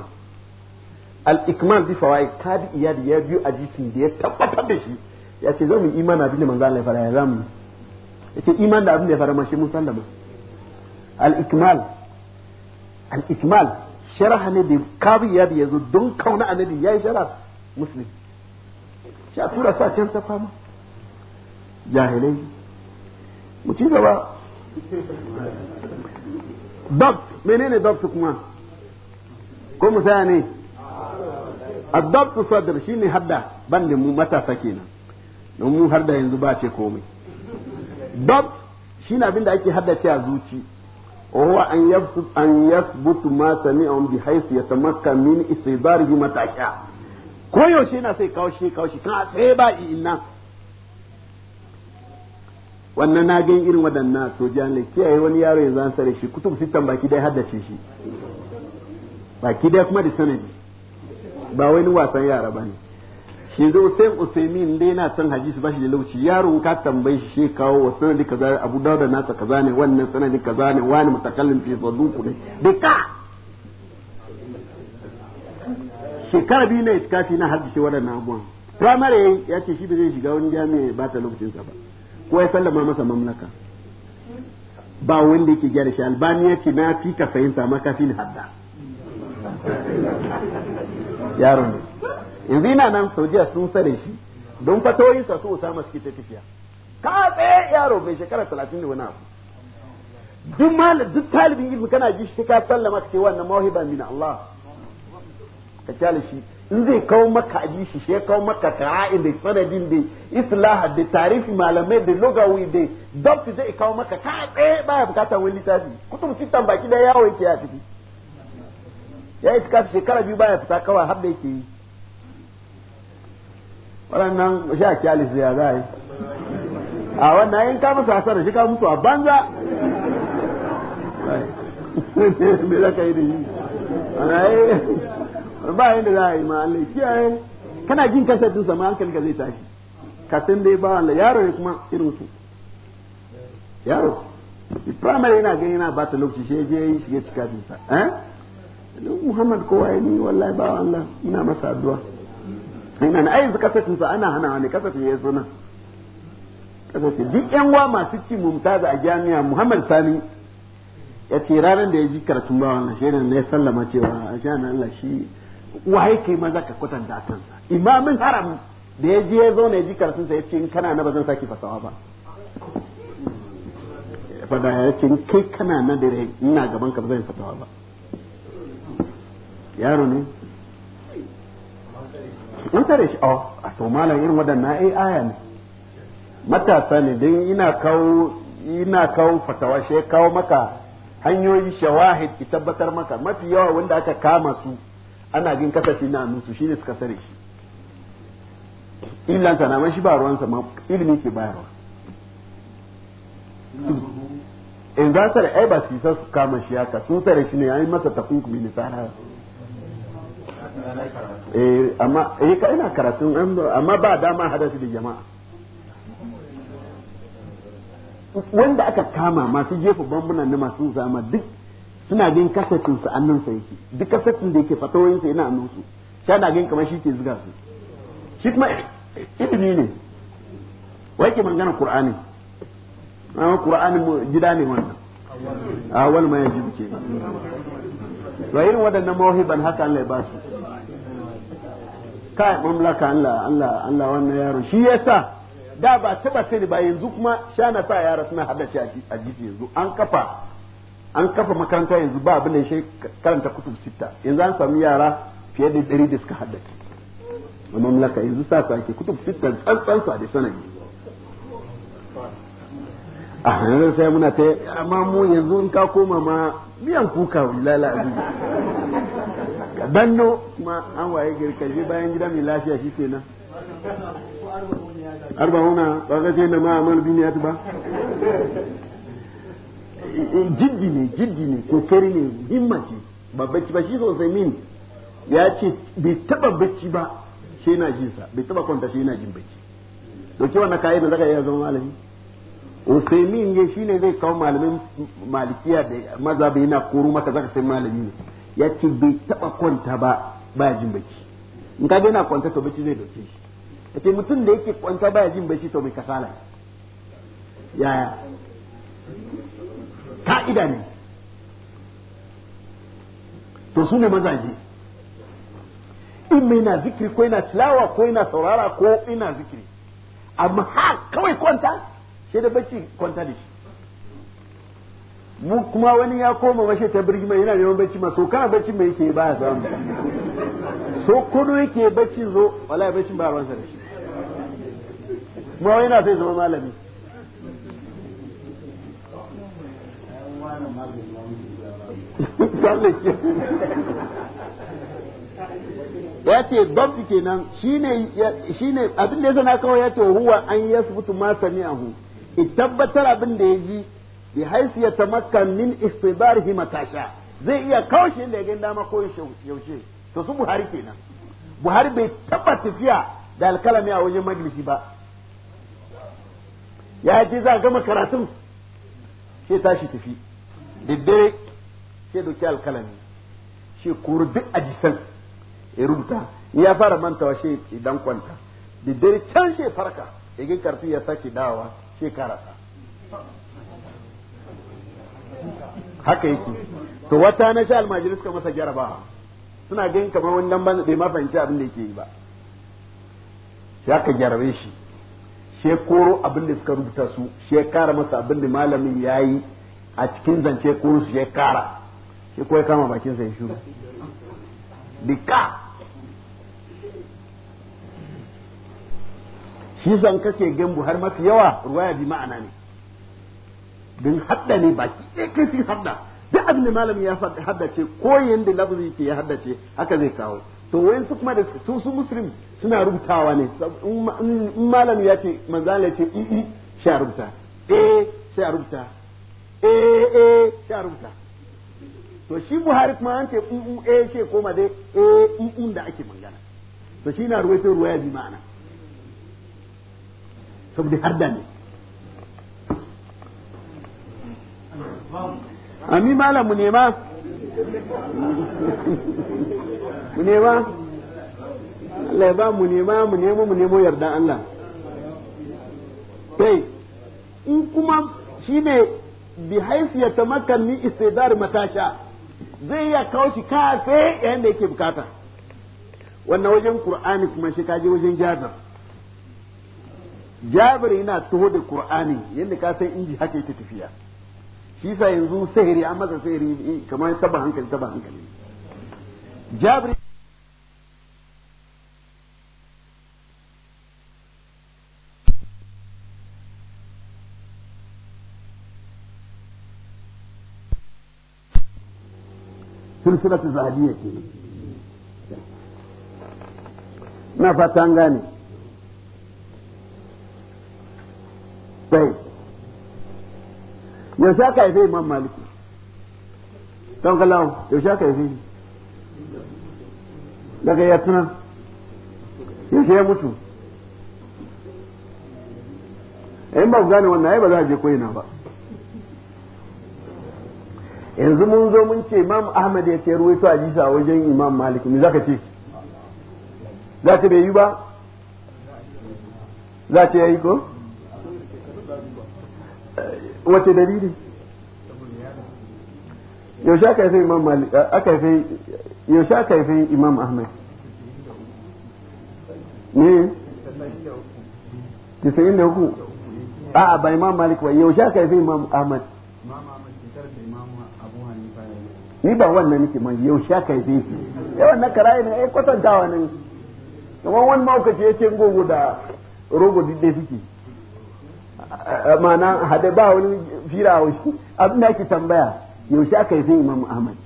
al-ikmal bi iya kadi ya biyu a jikin da ya tabbatar da shi ya ce mu imani abin da manzo Allah ya fara ya zamu yace imani da abin da ya fara mashi musallama al-ikmal al-ikmal sharh ne da kadi iyad ya zo don kauna annabi yayi sharaf muslim a tura sa can ta fama jahilai mu ci gaba dabt menene dabt kuma ko musaya ne الضبط صدر شيني هدا ban da mu matasa kenan هدا mu شي كومي yanzu ba ce komai هدا shine abin da ake haddace a zuci ما an بحيث an من ma sami'un bi haythu yatamakka min كوشي matasha ko yaushe yana wannan na gan irin waɗannan sojan ne kiyaye wani yaro yanzu an sare shi kutub sittan baki dai haddace shi baki dai kuma da sanadi ba wani wasan yara ba ne shi zai usaim usaimin dai na son hadisi ba shi da lauci yaro ka tambayi shi shi kawo wa sanadi kaza abu dauda nasa kaza ne wannan sanadi kaza ne wani mutakallim fi saduku ne duka shekara biyu na iskafi na shi waɗannan abubuwan primary ya ce shi ba zai shiga wani jami'a ba ta lokacinsa ba ko ya sallama masa mamlaka ba wanda yake gyara shi albani ya ce na fi ka fahimta ma fi ni hadda yaron ne yanzu ina nan saudiya sun sare shi don sa su usama suke ta tafiya ka tsaye yaro mai shekara talatin da wani abu duk malam duk talibin ilmi kana ji shi ka sallama ka ce wannan mawhiba min Allah ka kyale shi in zai kawo maka aji shi shi kawo maka ka'a'in da sanadin da islaha da tarihi, malamai da logawi da dabti zai kawo maka ka tsaye baya bukatar wani littafi kutub sittan baki da yawo yake ya tafi. ya iska shekara biyu baya fita kawai har da yake yi waɗannan a kyali su ya za a yi a wannan yin ka masa asara shi ka mutu a banza me za ka yi da yi ba da za a yi ma Allah kiyaye kana jin kasatin sama ka zai tashi kasin dai ba Allah yaro ne kuma irin su yaro primary yana gani yana ba ta lokaci shi je yi shige cika eh Muhammad kowa ya ni wallahi ba Allah ina masa addu'a ina na ai kasafin sa ana hana ne kasafin ya zuna kasafin duk yan wa masu ci mumtaza a jami'a Muhammad Sani ya ce ranar da ya ji karatun ba wannan shi ne ya sallama cewa a jami'a Allah shi waye kai maza ka kwatanta kan imamin haram da ya je ya zauna ya ji karatun sa ya ce in kana na ba zan saki fasawa ba fada ya ce kai kana na dare ina gaban ka ba zan fatawa ba yaro ne in tare shi oh, a to malam irin waɗannan ai aya ne matasa ne don ina kawo ina kawo fatawa shi kawo maka hanyoyi shawahid ki tabbatar maka mafi yawa wanda aka kama su ana gin kasafi na nusu shine suka sare shi illanta mai shi ba ruwansa ma ilimi ke bayarwa in za sare ai ba su kama shi haka sun sare shi ne yayin masa takunkumi ne tsara eh amma eh ka ina karatu amma ba dama hadasi da jama'a wanda aka kama masu jefa bambunan na masu zama duk suna gin kasafin su annan sa yake duk kasafin da yake fatawoyin sa yana annan su sai na gin kamar shi ke zuga su shi kuma ilimi ne wai ke mangana qur'ani amma ah, qur'ani gida ne wannan awal ah, mai jibi ke wai irin waɗannan mawhiban haka Allah ya ba su kai mamlaka Allah Allah Allah wannan yaro shi yasa da ba taba sai ba yanzu kuma sha na sa yara suna hada shi a jiji yanzu an kafa an kafa makaranta yanzu ba abin da shi karanta kutub sita yanzu an samu yara fiye da 100 da suka hada a mamlaka yanzu sa sa ke kutub sita tsantsan sa da sanadi a yanzu sai muna ta amma mu yanzu in ka koma ma biyan kuka wallahi ka kuma an waye girkaje bayan gida mai lafiya shi ke nan arba wuna ba ka ce na ma amal biniya ta ba jiddi ne jiddi ne kokari ne himma ba bacci ba shi sosai min ya ce bai taba bacci ba shi na jin sa bai taba kwanta shi na jin bacci dauki wannan kayan da zaka iya zama malami usaimin ne shine zai kawo malamin malikiya da mazhabi yana koro maka zaka sai malami ne ya ce bai taba kwanta ba baya jin bacci in ka yana kwanta to bacci zai dauke shi yace mutum da yake kwanta baya jin bacci to mai kasala yaya ka'ida ne to su ne mazaje in mai na zikiri ko yana tilawa ko yana saurara ko ina zikiri amma ha kawai kwanta sai da bacci kwanta da shi mu kuma wani ya koma mashi ta birgima yana neman bacci ma so kana bacci mai yake ba ya samu so kudu yake bacci zo wallahi bacci ba ruwansa da shi kuma wani na sai zama malami ya ce babu kenan shine shine abin da ya zana kawai ya ce huwa an yasbutu ma sami'ahu tabbatar abin da ya ji bi haisu ya maka min istibarihi matasha zai iya kaushe da ya dama ko yaushe to su Buhari kenan Buhari bai taba tafiya da alkalami a wajen majalisi ba ya je za gama karatun ta tashi tafi daddare sai doki alkalami shi kuru duk ajisan ya rubuta ya fara mantawa shi idan kwanta daddare can shi farka ya karatu ya sake dawa shi karasa haka yake to wata na sha almajiris ka masa jaraba suna gani kamar wani lamba da ma fahimci abin da yake yi ba ya aka jarabe shi shekoro koro abin da suka rubuta su shekara kara masa abin da malamin ya yi a cikin zance koro su shekara kara kawai kama bakin sai ya shuru dika shi zan kake gambu har mafi yawa ruwaya bi ma'ana ne don hadda ne ki ɗaya sun hadda duk abin da malami ya haddace ko yanda lafzi yake ya haddace haka zai kawo to wayan su kuma da su su muslim suna rubutawa ne in malami ya ce ya ce mm, mm, i sha rubuta eh sha rubuta eh eh sha rubuta to shi buhari kuma an ce u mm, eh ce koma dai eh u da ake magana to shi na ruwaito ruwaya bi ma'ana saboda hadda ne ami malam mu nema mu nema Allah ya ba mu nema mu nemo mu nemo yarda Allah kai in kuma shi ne bi haifu ya tamakkan ni istidar matasha zai iya kawo shi kafe yayin da yake bukata wannan wajen qur'ani kuma shi kaje wajen jabir jabir yana taho da qur'ani yadda ka san inji haka yake tafiya shi sa yanzu sihiri an masa sihiri eh, kamar taba hankali taba hankali jabri silsilatu zahabiyya na fata an yaushe aka haife imam maliki don kallon yaushe aka haife daga ya tuna mutu eh, in ba gane wannan ai ba za a je koyina ba yanzu mun zo mun ce imam ahmad ya ce ruwaito a jisa wajen imam malik me zaka ce za ta bai yi ba za ta yi ko wace dalili yaushe aka haife imam malik aka haife yaushe aka haife imam ahmed ne tisa'in da a a ba imam malik ba yaushe aka haife imam ahmed ni ba wannan nake man yaushe aka haife shi ya eh, wannan karayi ne ai eh, kwatantawa ne kamar wani maukaci ya ce gogo da rogo duk suke mana hada ba wani fira haushi abin da ake tambaya yaushe aka yi sun imam ahmad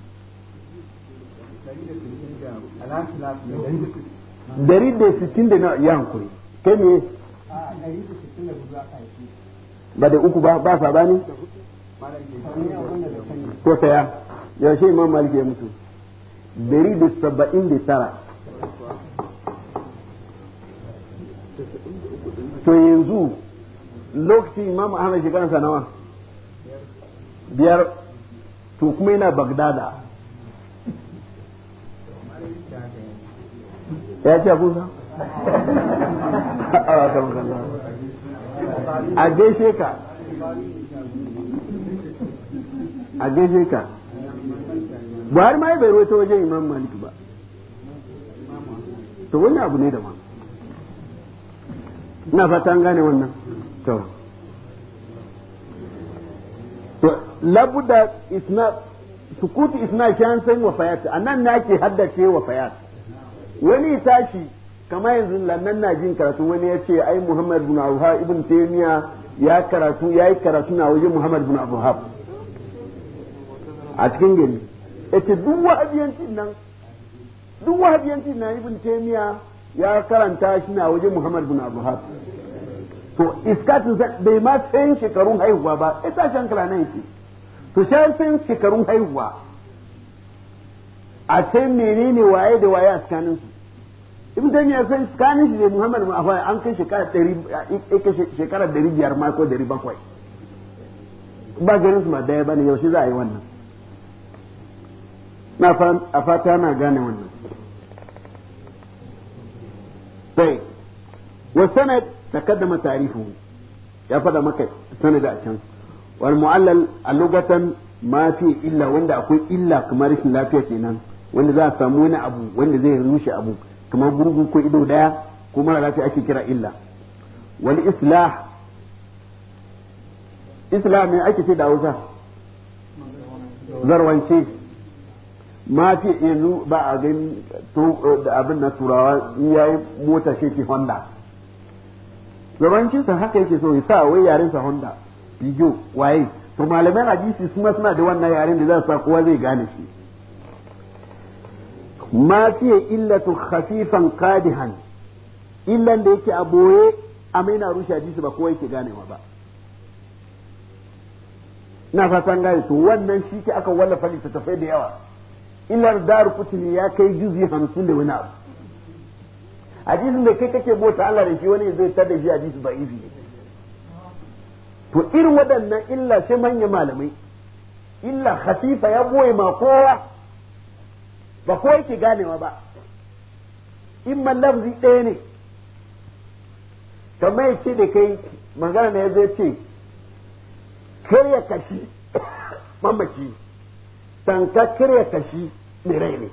dari da sittin da ya hankuri kai ne ba da uku ba ba ne? ko saya yaushe imam malik ya mutu dari da saba'in da tara to yanzu lokaci imam ahmad kansa nawa biyar to kuma yana bagdada ya ce kusa a gaishe ka a gaishe ka buhari ma bai ruwaito wajen imam malik ba to wani abu ne da wani. ina fata an gane wannan to labuda isna sukutu isna kyan san a anan na ke haddace wafayat wani tashi kamar yanzu lannan na jin karatu wani ya ce ai muhammad bin abuha ibn taymiya ya karatu ya yi karatu na wajen muhammad bin abuha a cikin gari yace duk wahabiyancin nan duk wahabiyancin nan ibn taymiya ya karanta shi na wajen muhammad bin abuha to iskatin bai ma tsayin shekarun haihuwa ba sai shan hankala nan yake to shan tsayin shekarun haihuwa a sai menene waye da waye a tsakanin su ibn ya sai tsakanin shi ne muhammad mu afai an kai shekara 100 shekara 500 ma ko 700 ba garin su ma daya bane yaushe za a yi wannan na a fata na gane wannan sai wa sanad takaddama tarihu ya fada maka sanada a can wal mu'allal a ma fi illa wanda akwai illa kamar rashin lafiya kenan wanda za a samu wani abu wanda zai rushe abu kamar gurgu ko ido daya ko mara lafiya ake kira illa wal islah islah ake ce da Hausa zarwance ma fi yanzu ba a gani abin na turawa yayi mota shi ke Honda zamancinsa haka yake so ya sa wai yaren sa honda bijo waye to malamai hadisi su suna da wannan yaren da za su sa kowa zai gane shi ma fiye illatu khafifan qadihan illan da yake a boye amma yana rushe hadisi ba kowa yake ganewa ba na fatan gane to wannan shi ke aka wallafa littattafai da yawa illar dar kutuni ya kai juzi hamsin da wani abu hadisin da kai kake bota Allah da shi wani zai tada shi hadisi ba izi ne. to irin waɗannan illa sai manyan malamai illa khatifa ya boye ma kowa ba ko yake ganewa ba in man lafzi ɗaya ne kamar ya ce da kai magana na ya zai ce karya kashi mamaci tanka karya kashi mai ne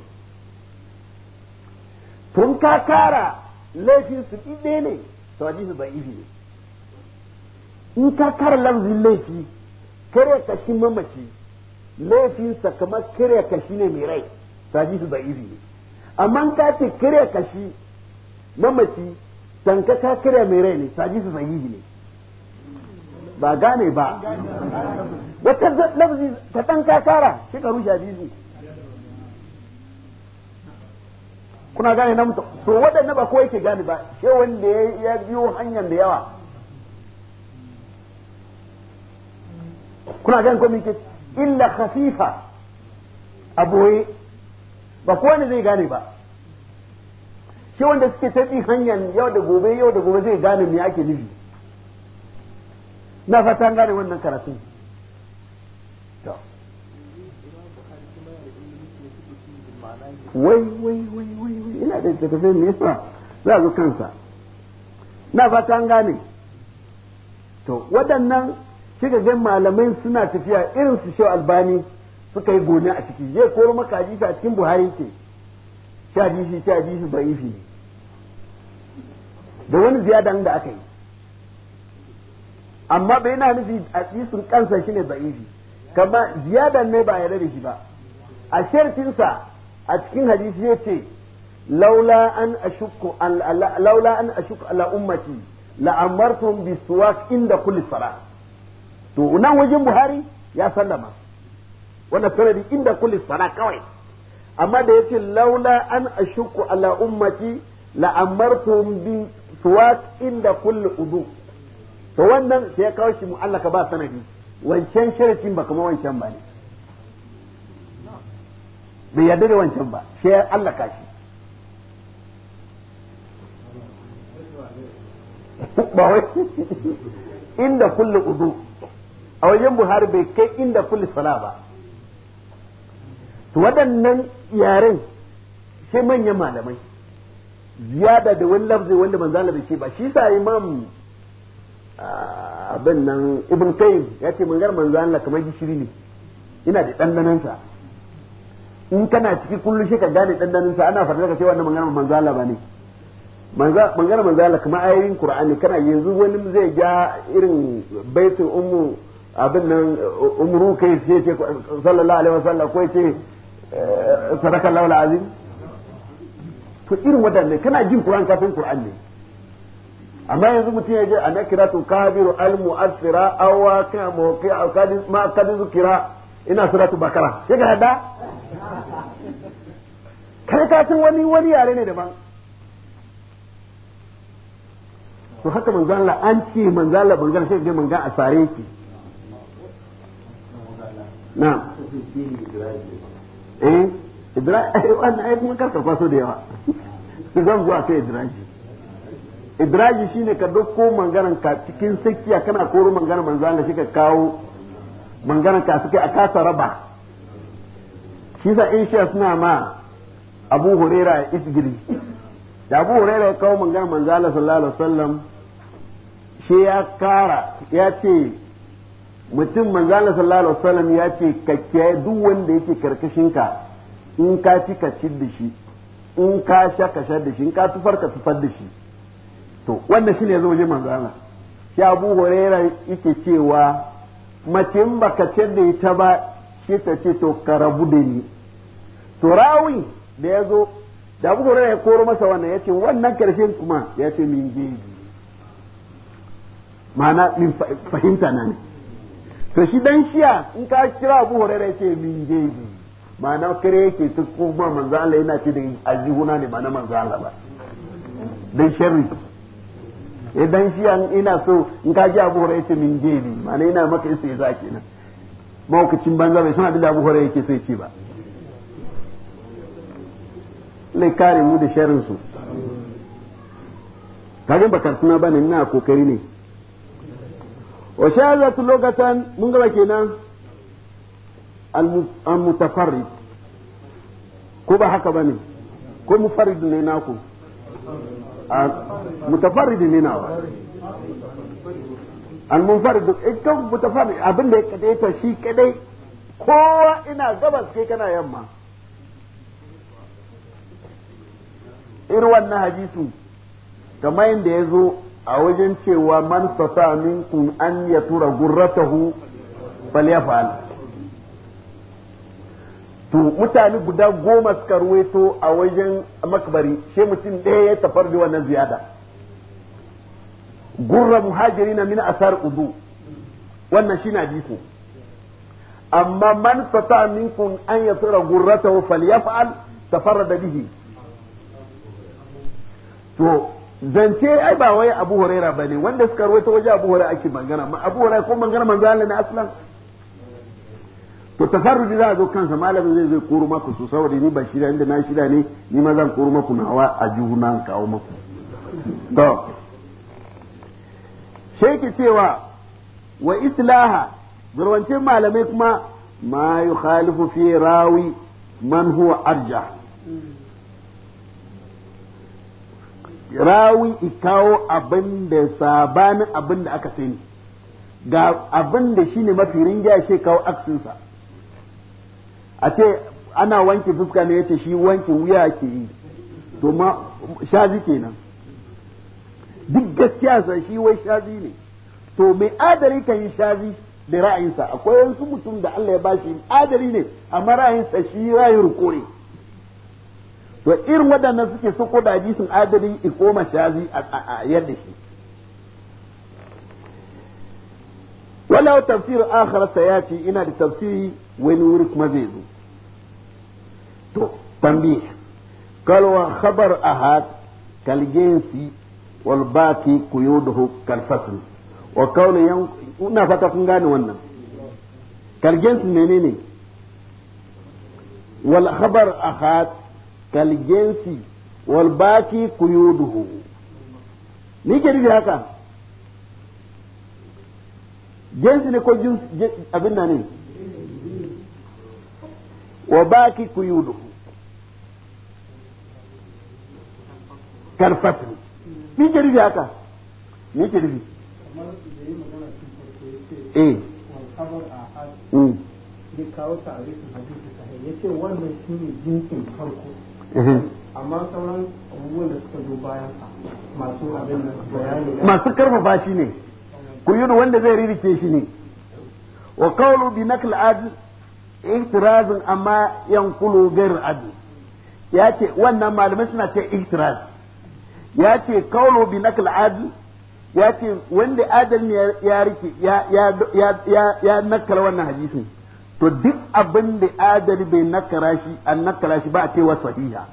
tun ka kara laifin su ɗiɗe ne to ji ba ifi ne in ka kara lafzin laifi kare kashi mamaci sa kamar kare kashi ne mai rai to ji ba ifi ne amma ka ce kare kashi mamaci tanka ka kare mai rai ne to su sahihi ne ba gane ba wata lafzi ka ɗan ka kara shi ka rushe hadisi kuna gane na mutum to waɗanda ba kowa yake gane ba ke wanda ya biyo hanyar da yawa kuna gane komai ke illa khafifa a boye ba kowa ne zai gane ba sai wanda suke tafi hanyar yau da gobe yau da gobe zai gane me ake nufi na fata gane wannan karatun wai wai wai wai wai ina da tattafai me yasa za zo kansa na fata an gane to waɗannan kika ga malamai suna tafiya irin su shau albani suka yi gone a ciki zai koro maka hadisi a cikin buhari ke shi hadisi sha hadisi ba ifi ne da wani ziyadan da aka yi amma bai na nufi hadisin kansa shine ba ifi kama ziyadan ne ba yare da shi ba a shirkinsa a cikin hadisi ya ce laula an ashukku laula an ala ummati la amartum bi suwak inda kulli salat to nan wajen buhari ya sallama wannan sanadi inda kulli salat kawai amma da yace laula an ashukku ala ummati la amartum bi suwak inda kulli udu to wannan sai ya kawo shi mu'allaka ba sanadi wancan sharafin ba kuma wancan ba ne bai yarda da wancan ba sai ya allaka shi ba wai inda kullu udu a wajen buhari bai kai inda kullu sala ba to waɗannan yaren sai manyan malamai ziyada da wani lafzi wanda manzo Allah bai ce ba shi sa imam ah, abin nan ibn kayyim ya ce mangar manzo Allah kamar gishiri ne ina da dandanansa in kana ciki kullum shi ka gane dandanin sa ana fadar daga cewa wannan magana manzo Allah bane magana manzo Allah kuma ayoyin Qur'ani kana yanzu wani zai ja irin baitul ummu abin nan umru kai ce ce sallallahu alaihi wasallam ko ce eh, sadaka Allahu alazim to irin wadannan kana jin Qur'an kafin Qur'an ne amma yanzu mutum ya je anakiratu kabiru al mu'assira aw waqi'a mawqi'a ma qad Kira. ina suratu bakara sai ga hada kai ka san wani wani yare ne daban to haka manzo Allah an ce manzo Allah bangar sai ga mangan a sare yake na'am eh idraji wannan ai kuma karka kwaso da yawa zan zuwa sai idraji idraji shine ka dauko mangaran ka cikin sakiya kana koro mangaran manzo Allah shi ka kawo maganar ka suke a kasa raba shi sa in suna ma abu huraira isgiri da abu huraira ya kawo mangana manzala sallallahu alaihi wasallam shi ya kara ya ce mutum manzala sallallahu alaihi wasallam ya ce ka kiyaye duk wanda yake karkashin ka in ka ci ka ci da shi in ka sha ka sha da shi in ka tufar ka tufar da shi to wannan shine ya zo waje manzala shi abu huraira yake cewa mace in baka ce da ita ba shi ta ce to ka rabu da ni to rawi da ya zo da abu hore ya koro masa wannan ya ce wannan karshen kuma ya ce min jeji ma'ana min fahimta na ne to shi dan shiya in ka kira abu hore ya ce min jeji ma'ana kare yake ta kuma manzala yana ce da ajihuna ne ma'ana manzala ba dan sharri idan shi an ina so in ka ji abu hore ce min geli mana ina maka isa ya zaki nan maukacin banza bai san abin abu hore yake so ce ba lai kare mu da sharin su kagin bakar suna bane ina kokari ne wa shahadatu lokacin mun gaba kenan al-mutafarrid ko ba haka bane ko mufarrid ne naku mutafarridin ne nawa an munfarid ita mutafarrid abin da ya kadaita shi kadai kowa ina gabas kai kana yamma irin wannan hadisu kamar yadda ya zo a wajen cewa man min minkum an yatura tura gurratahu falyafal to mutane guda goma suka ruwaito a wajen makbari shi mutum ɗaya ya tafar da wannan ziyada gurra muhajiri na min asar udu wannan shi na jiko amma man fata minkum an ya tura gurrata falyaf'al da bihi to zance ai ba wai abu huraira bane wanda suka ruwaito waje abu huraira ake magana ma abu huraira ko magana manzo Allah ne aslan to tafarruji za a zo kansa malami zai zai koro maku su saboda ni ban shida inda na shida ne ni ma zan koro maku nawa a juna kawo maku to sheki cewa wa islaha zarwancin malamai kuma ma yukhalifu fi rawi man huwa arja rawi ikawo abin da sabanin abin da aka sani ga abin da shine mafi ringiya shi kawo aksinsa a ce ana wanke fuska ne yace shi wanke wuya ke yi to ma shazi kenan duk gaskiya sa shi wai shazi ne to mai adari kan yi shazi da ra'ayinsa akwai wasu mutum da Allah ya bashi adari ne amma ra'ayinsa shi ra'ayin rukuri to irin waɗannan suke sako da hadisin adari ikoma shazi a yadda shi wala tafsir akhar sayati ina da tafsiri wani wuri kuma zai zo to tambi kal wa khabar ahad kal jinsi wal baqi quyuduhu kal fasl wa kauna yan ina fata kun gane wannan kal jinsi menene wal khabar ahad kal jinsi wal baqi quyuduhu ni ke haka jinsi ne ko abin da ne wa baki ku yi karfafi ni ke rufi haka ni ke rufi eh da hmm. kawo ya ce wannan shi ne jinsin farko amma sauran abubuwan da suka zo bayan masu abin bayani masu karfafa shi ne kuyudu wanda zai ririke shi ne wa qawlu bi nakl adl ihtirazun amma kulo ghayr adl ya ce wannan malamai suna ce ihtiraz ya ce qawlu bi nakl adl ya ce wanda adal ne ya rike ya ya ya ya nakala wannan hadisin to duk abin da adali bai nakara shi an nakara shi ba a cewa sahiha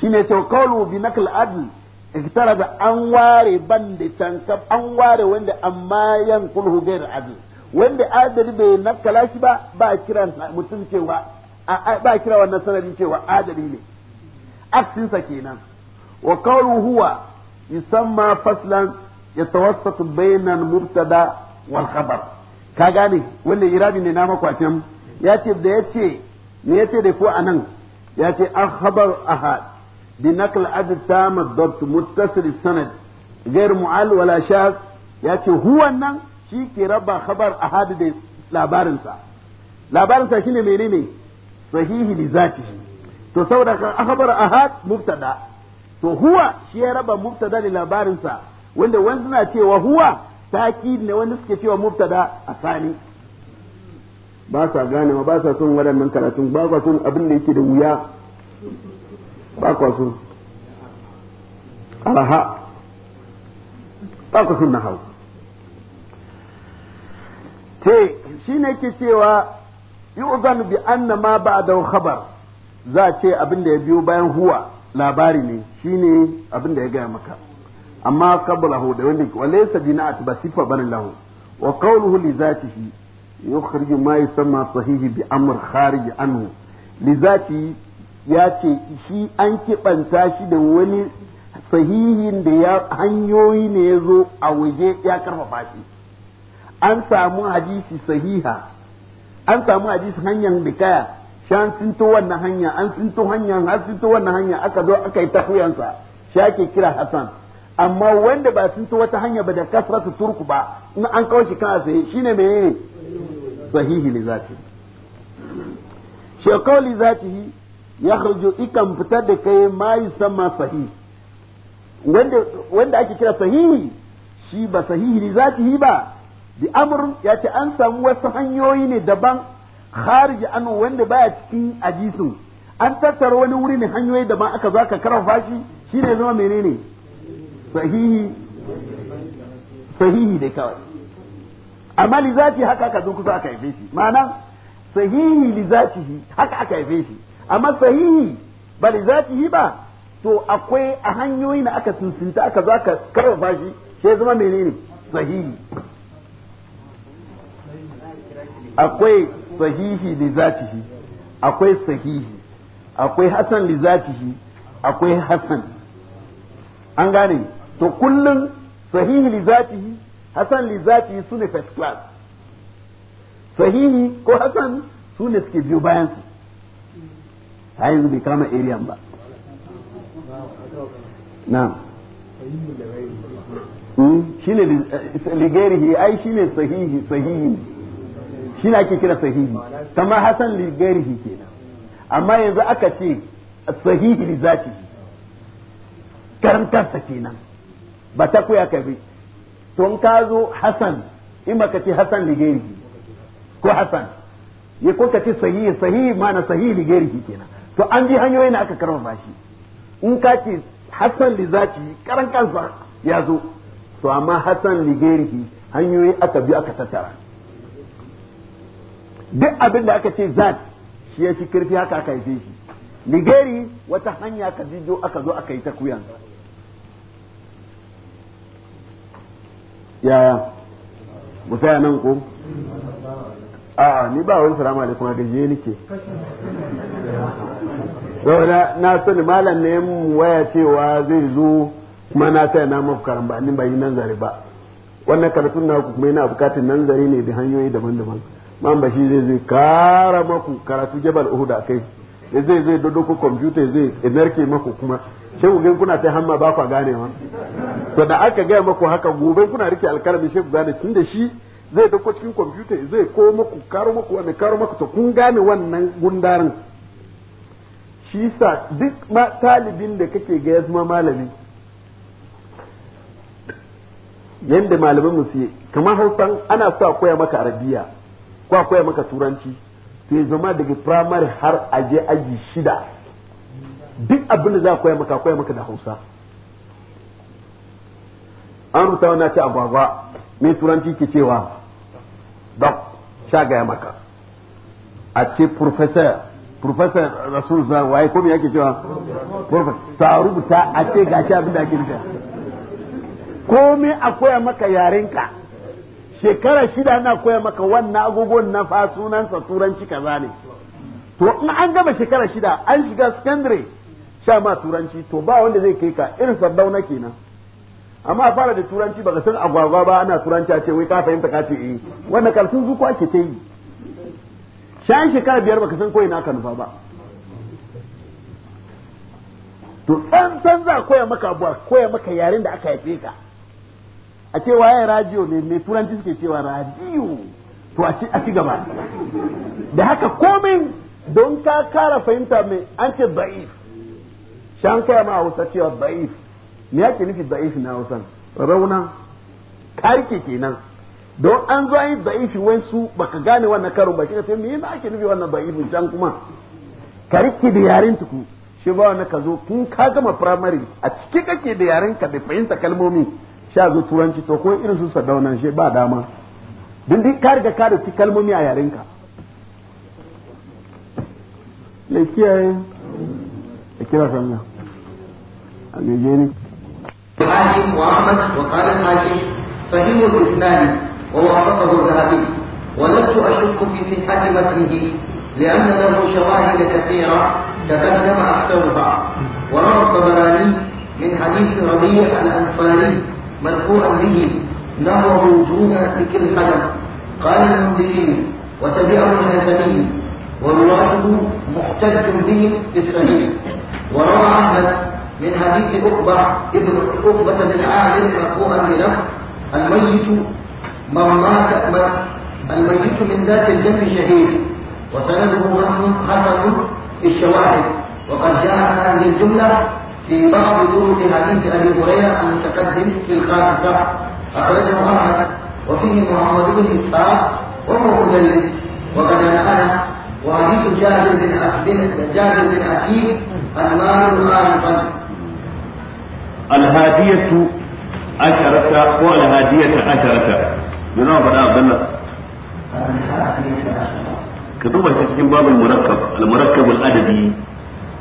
shine to qawlu bi nakl adl iktaraza an ware ban da tankab an ware wanda amma yan kulhu gair adil wanda adali bai nakala shi ba ba kiran mutum cewa ba kira wannan sanadin cewa adali ne aksinsa kenan wa qawlu huwa yusamma faslan yatawassat bayna al-mubtada wal khabar ka gane wanda irabi ne na makwacin yace da yace ce me ya ce da ko anan ya ce an khabar ahad بنقل عدد تام الضبط متصل السند غير معل ولا شاذ yace huwannan shi ke raba khabar ahad da labarinsa labarinsa shine menene sahihi li zatihi to saboda kan akhbar ahad mubtada to huwa shi ya raba mubtada da labarinsa wanda wani suna cewa huwa takid ne wanda suke cewa mubtada asani ba sa gane ba sa son waɗannan karatun ba sa son abin da yake da wuya ba kwa so araha ba ce shi ne ke cewa yi uzan bi anna ma ba da khabar za a ce abin da ya biyo bayan huwa labari ne shi ne abin da ya gaya maka amma qablahu da wanda wale sabina at ba sifa bane lahu wa qawluhu li zatihi yukhrij ma sama sahihi bi amur khariji anu li zatihi ya ce shi an kiɓanta shi da wani sahihin da ya hanyoyi ne ya zo a waje ya karfafa shi an samu hadisi sahiha an samu hadisi hanyar bikaya an sinto wannan hanya an sinto hanyar har sinto wannan hanya aka zo aka yi tafiyansa shi ake kira hasan amma wanda ba sinto wata hanya ba da kasratu turku ba in an kawo shi kan sai shine menene sahihi li zati ya harjo ikan fitar da kai ma yi sama sahih wanda ake kira sahihi shi ba sahihi ne zati yi ba bi amr ya ce an samu wasu hanyoyi ne daban kharji an wanda baya cikin ajisu an tattara wani wuri ne hanyoyi daban aka zo aka karfafa shi shine zama menene sahihi sahihi dai kawai amma li zati haka aka zo kusa aka yi shi ma'ana sahihi li zati haka aka yi shi amma sahihi ba da zatihi ba to akwai a hanyoyi na aka sinsinta aka zo aka karfafa shi sai zama menene sahihi akwai sahihi li zatihi akwai sahihi akwai hasan li zatihi akwai hasan an gane to kullum sahihi li zatihi hasan li zatihi su ne first class sahihi ko hasan su ne suke biyo bayan su har yanzu bai kama area ba hmm? shi ne ligarihi eh, ai shi ne sahihi sahihi na ake kira sahihi kamar hasan ligarihi kenan amma yanzu aka ce sahihi li zati karantarsa kenan ba ta kuya kai bai to in ka zo hasan in ka ce hasan ligarihi ko hasan ya ko ka ce sahihi sahihi mana sahihi ligarihi kenan to an ji hanyoyin da aka karfafa shi in ka ce hassan li zati karan kansa ya zo to amma hassan li gairihi hanyoyi aka bi aka tattara duk abin da aka ce zat shi ya ci kirfi haka aka haife shi ligeri wata hanya ka jijo aka zo aka yi ta kuyan yaya mu tsaya nan ko a ni ba wani salamu alaikum a gajiye nake saboda na sani malam ne mu waya cewa zai zo kuma na sai na mafi karambani ni bai yi nanzari ba wannan karatun na kuma yana bukatun nanzari ne da hanyoyi daban-daban man shi zai zai kara maku karatu jabal uhud a kai zai zai dodo ku kwamfuta zai narke maku kuma sai ku gan kuna sai hamma ba ku ganewa to da aka gaya maku haka gobe kuna rike alkalami sai ku gane tun da shi zai dauko cikin kwamfuta zai ko maku karo maku wani karo maku to kun gane wannan gundarin shi sa duk talibin da kake ga ya zama malami yadda musu yi kamar hausan ana sa a koya maka arabiya ko a koya maka turanci to ya zama daga firamare har aje aji shida duk abinda za a koya maka koya maka da hausa an rubuta wani ce agwagwa mai turanci ke cewa don sha gaya maka a ce professor professor rasul za waye ko me yake cewa professor ta rubuta a ce gashi abin da ake nufi komai a koya maka yarenka shekara shida na koya maka wannan agogon na fa sunansa turanci kaza ne to in an gama shekara shida an shiga secondary sha ma turanci to ba wanda zai kai ka irin sardauna kenan amma a fara da turanci baka san agwagwa ba ana turanci a ce wai ka fahimta ka ce eh wannan karfin zuku ake ta yi shayin shekara biyar baka san koyi naka nufa ba to san za koya maka abuwa koya maka yaren da aka haife ka a ce waye radio ne mai turanci suke cewa radio to a ci gaba da haka komin don ka kara fahimta mai an ce da'if shan kaya ma hausa cewa da'if me yake nufi da'if na hausan rauna karke kenan don an zo yi da'ifi wai su baka gane wannan karon ba shi ka me yana ake nufi wannan da'ifin can kuma ka rike da yaren tuku shi ba wannan ka zo tun ka gama primary a cike kake da yaren ka da fahimta kalmomi a zo turanci to ko irin su sadaunan shi ba dama din duk ka riga ka rufi kalmomi a yaren ka le kiyaye a kira sallah a Nigeria. Muhammad wa Qala Hakim sahihul Isnani وهو الذهبي ولست أشك في صحة متنه لأن له شواهد كثيرة تقدم أكثرها وروى الطبراني من حديث ربيع الأنصاري مرفوعا به نهره دون ذكر القدم قال المنذرين وتبعه الهزمي ورواته محتج به في الصحيح وروى أحمد من حديث عقبة ابن عقبة بن عامر مرفوعا بنفسه الميت من مات الميت من ذات الجنب شهيد وسنده حسن الشواهد وقد جاء هذه الجملة في بعض دروس حديث أبي هريرة المتقدم في الخامسة أخرجه أحمد وفيه محمد بن إسحاق وهو مدلس وقد أنا وحديث جابر بن جابر بن أكيد المال خالقا الهادية عشرة والهادية عشرة me za mu faɗa abdallah ka duba shi cikin babul murakkab al murakkab al adadi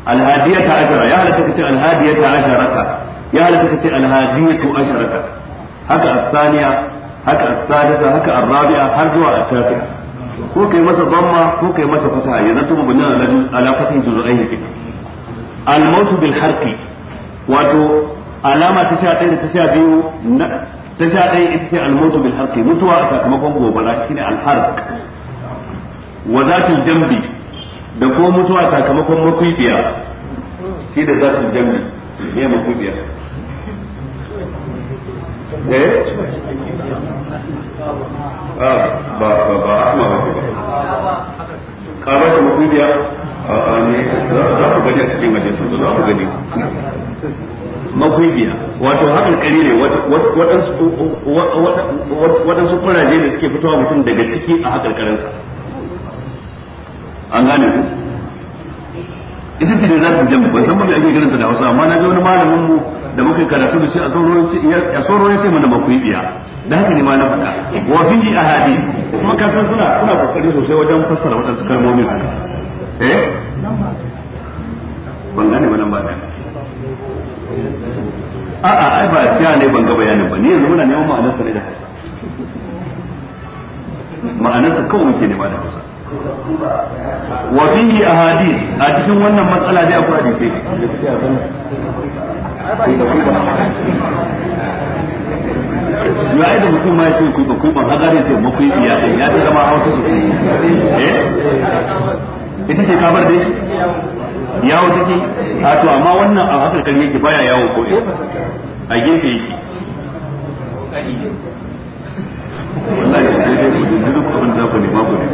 al hadiyata ashara ya halatta kace al hadiyata asharata ya halatta kace al hadiyatu asharata haka as-thaniya haka as-sadisa haka ar-rabi'a har zuwa at-tafi'a ko kai masa damma ko kai masa fataha ya zanto mabnin ala fatahi juz'ain kika al-maut bil harqi wato alama ta sha ɗaya da ta sha biyu ta sa ɗaya ita ce almautu bil harqi mutuwa a sakamakon gobara shine al harq wa zatul jambi da ko mutuwa a sakamakon makuibiya shi da zatul jambi ne eh ah, ba ba ba ba ta a ne za ku gani a cikin wajen za ku gani makwibiya wato hakan kari ne waɗansu kuraje da suke fitowa mutum daga ciki a hakarkarinsa an gane ku ita ce da za ta jama ban san ba ake ganin ta da hausa amma na ga wani malamin mu da muka karatu da shi a tsoro ya ce mana makwibiya da haka ne ma na faɗa wa fi ahadi kuma ka san suna suna kokari sosai wajen fassara waɗansu kalmomin haka eh ban gane ba nan ba ɗaya a'a ai ba cewa ne ban ga bayanin ba ni yanzu muna neman ma'anar ne da Hausa ma'anar sa kawai muke nema da Hausa wa fihi ahadith a cikin wannan matsala dai akwai hadisi ya da mutum ma ya ce kuba kuba hagari ce mafi biya ya ta zama hausa su eh ita ce kabar dai yawo take a to amma wannan a haka kan yake baya yawo ko a gefe yake wallahi sai dai ku dinga ku abin da ku ne mako ne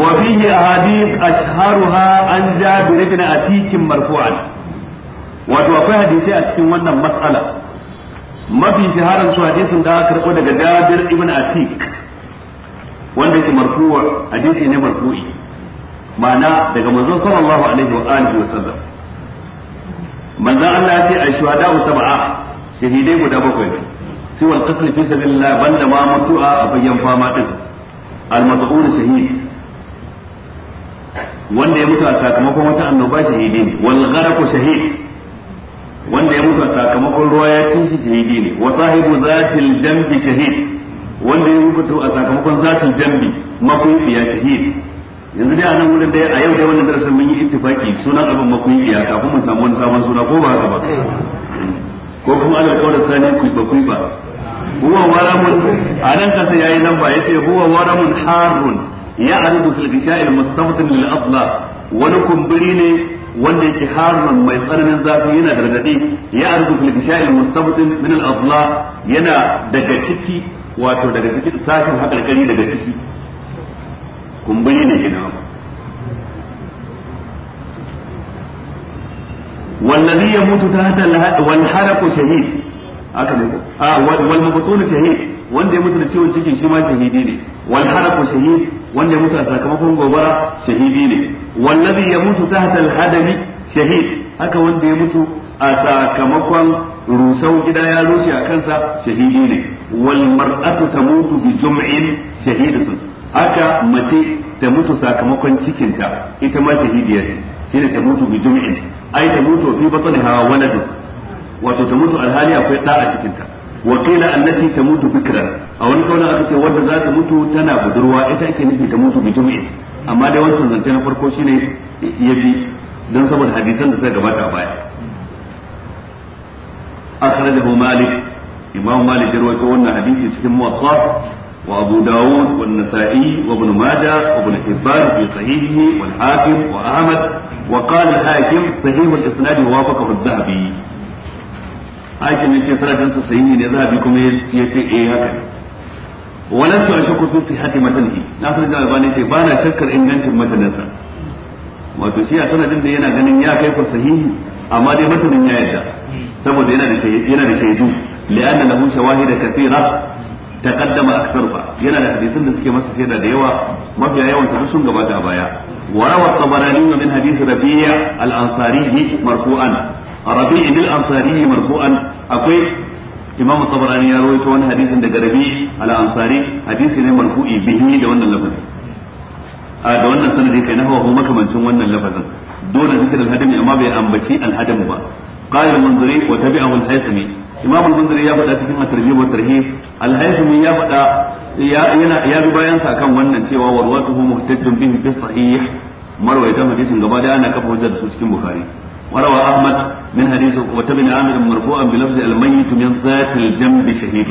wa fihi ahadith ashharuha an jabir ibn atik marfu'an wato akwai hadisi a cikin wannan matsala mafi shaharan su hadisin da aka karbo daga Jabir ibn Atiq, wanda yake marfu'a hadisi ne marfu'i ma'ana daga manzon sallallahu alaihi wa alihi wa sallam manzon Allah ya ce a shuhada sab'a shahidai guda bakwai su sai wal qatl fi sabilillah banda ma mutu'a a bayyan fama din al mas'ul shahid wanda ya mutu a sakamakon wata annoba shahidi ne wal gharq shahid wanda ya mutu a sakamakon ruwa ya ci shahidi ne wa sahibu zatil jambi shahid wanda ya mutu a sakamakon zatil jambi makufi ya shahid yanzu dai a nan wurin dai a yau dai wannan darasin mun yi ittifaki sunan abin makun iya kafin mun samu wani sabon suna ko ba haka ba ko kuma alal kawar sani ku ba ku ba huwa waramun a nan kasa yayi nan ba yace huwa waramun harun ya aridu fil gisha'il mustaftin lil adla wani kumburi ne wanda yake harun mai tsananin zafi yana gargadi ya aridu fil gisha'il mustaftin min al adla yana daga ciki wato daga cikin sashin hakalkari daga ciki Kun kumburi ne kenan wallazi yamutu tahta wal haraku shahid haka ne a ah, wal mabtun shahid wanda ya mutu da ciwon cikin shi ma shahidi ne wal haraku shahid wanda ya mutu a sakamakon gobara shahidi ne wallazi yamutu tahta al hadami shahid haka wanda ya mutu a sakamakon rusau gida ya rushe a kansa shahidi ne wal mar'atu tamutu bi jum'in shahidatun haka mace ta mutu sakamakon cikinta ita ma shahidiyar ne ta mutu bi jum'in ai ta mutu fi batniha waladu wato ta mutu alhali akwai da a cikinta wa qila ta mutu bikran a wani kauna aka ce wanda za ta mutu tana budurwa ita ake nufi ta mutu bi jum'in amma dai wancan zance na farko shine yabi dan saboda hadisan da suka gabata a baya akhrajahu malik imam malik ya rawaito wannan hadisi cikin muwatta وأبو داود والنسائي وابن ماجه وابن حبان في صحيحه والحاكم وأحمد وقال الحاكم صحيح الإسناد ووافقه الذهبي حاكم يشي سنة صحيح الذهبي كم يشي إيه هكذا ولست أشك في صحة متنه ناصر الدين الألباني يشي بانا شكر إن كنت متنسا wato shi a sanadin da yana ganin ya kai ku sahihi amma dai matanin ya yadda saboda yana da shaidu li'anna lahu shawahida kathira taqaddama aktharuha yana da hadisin da suke masa shaida da yawa mafiya yawan su sun gabata a baya wa rawa tabarani min hadith rabi'a al-ansari marfu'an rabi'a al-ansari marfu'an akwai imam tabarani ya rawaito wani hadisin daga rabi al-ansari hadisi ne marfu'i bihi da wannan lafazin a da wannan sanadi kai na hawa makamancin wannan lafazin dole zikr al amma bai ambaci al ba qala imam al-munziri ya faɗa cikin at-tarjib wa tarhib al-haythami ya faɗa yana ya bi bayan sa kan wannan cewa warwatuhu muhtajjun bihi bi sahih marwayatan hadisin gaba da ana kafa hujja da su cikin bukhari وروى أحمد من حديث عقبة بن عامر مرفوعا بلفظ الميت من ذات الجنب شهيد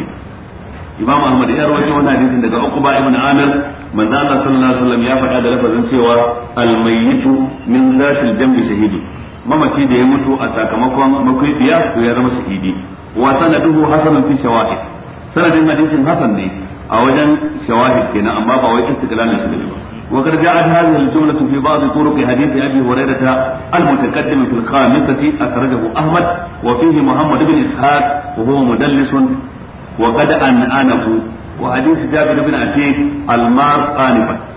imam ahmad ya rawaito wannan hadisin daga uqba ibn amir manzo Allah sallallahu alaihi wasallam ya faɗa da lafazin cewa al mayyitu min zatil jambi shahidu mamaci da ya mutu a sakamakon makwifiya to ya zama shahidi wa sanaduhu hasanun fi shawahid sanadin hadisin Hassan ne a wajen shawahid kenan amma ba wai istiqlalin shi ba wa kad ja'at hadhihi al-jumla fi ba'd turuq hadith abi hurayra al-mutaqaddim fi al-khamisati akhrajahu ahmad wa fihi muhammad ibn ishaq wa huwa mudallisun wa qad an anahu وحديث جابر بن عتيق المار قانفت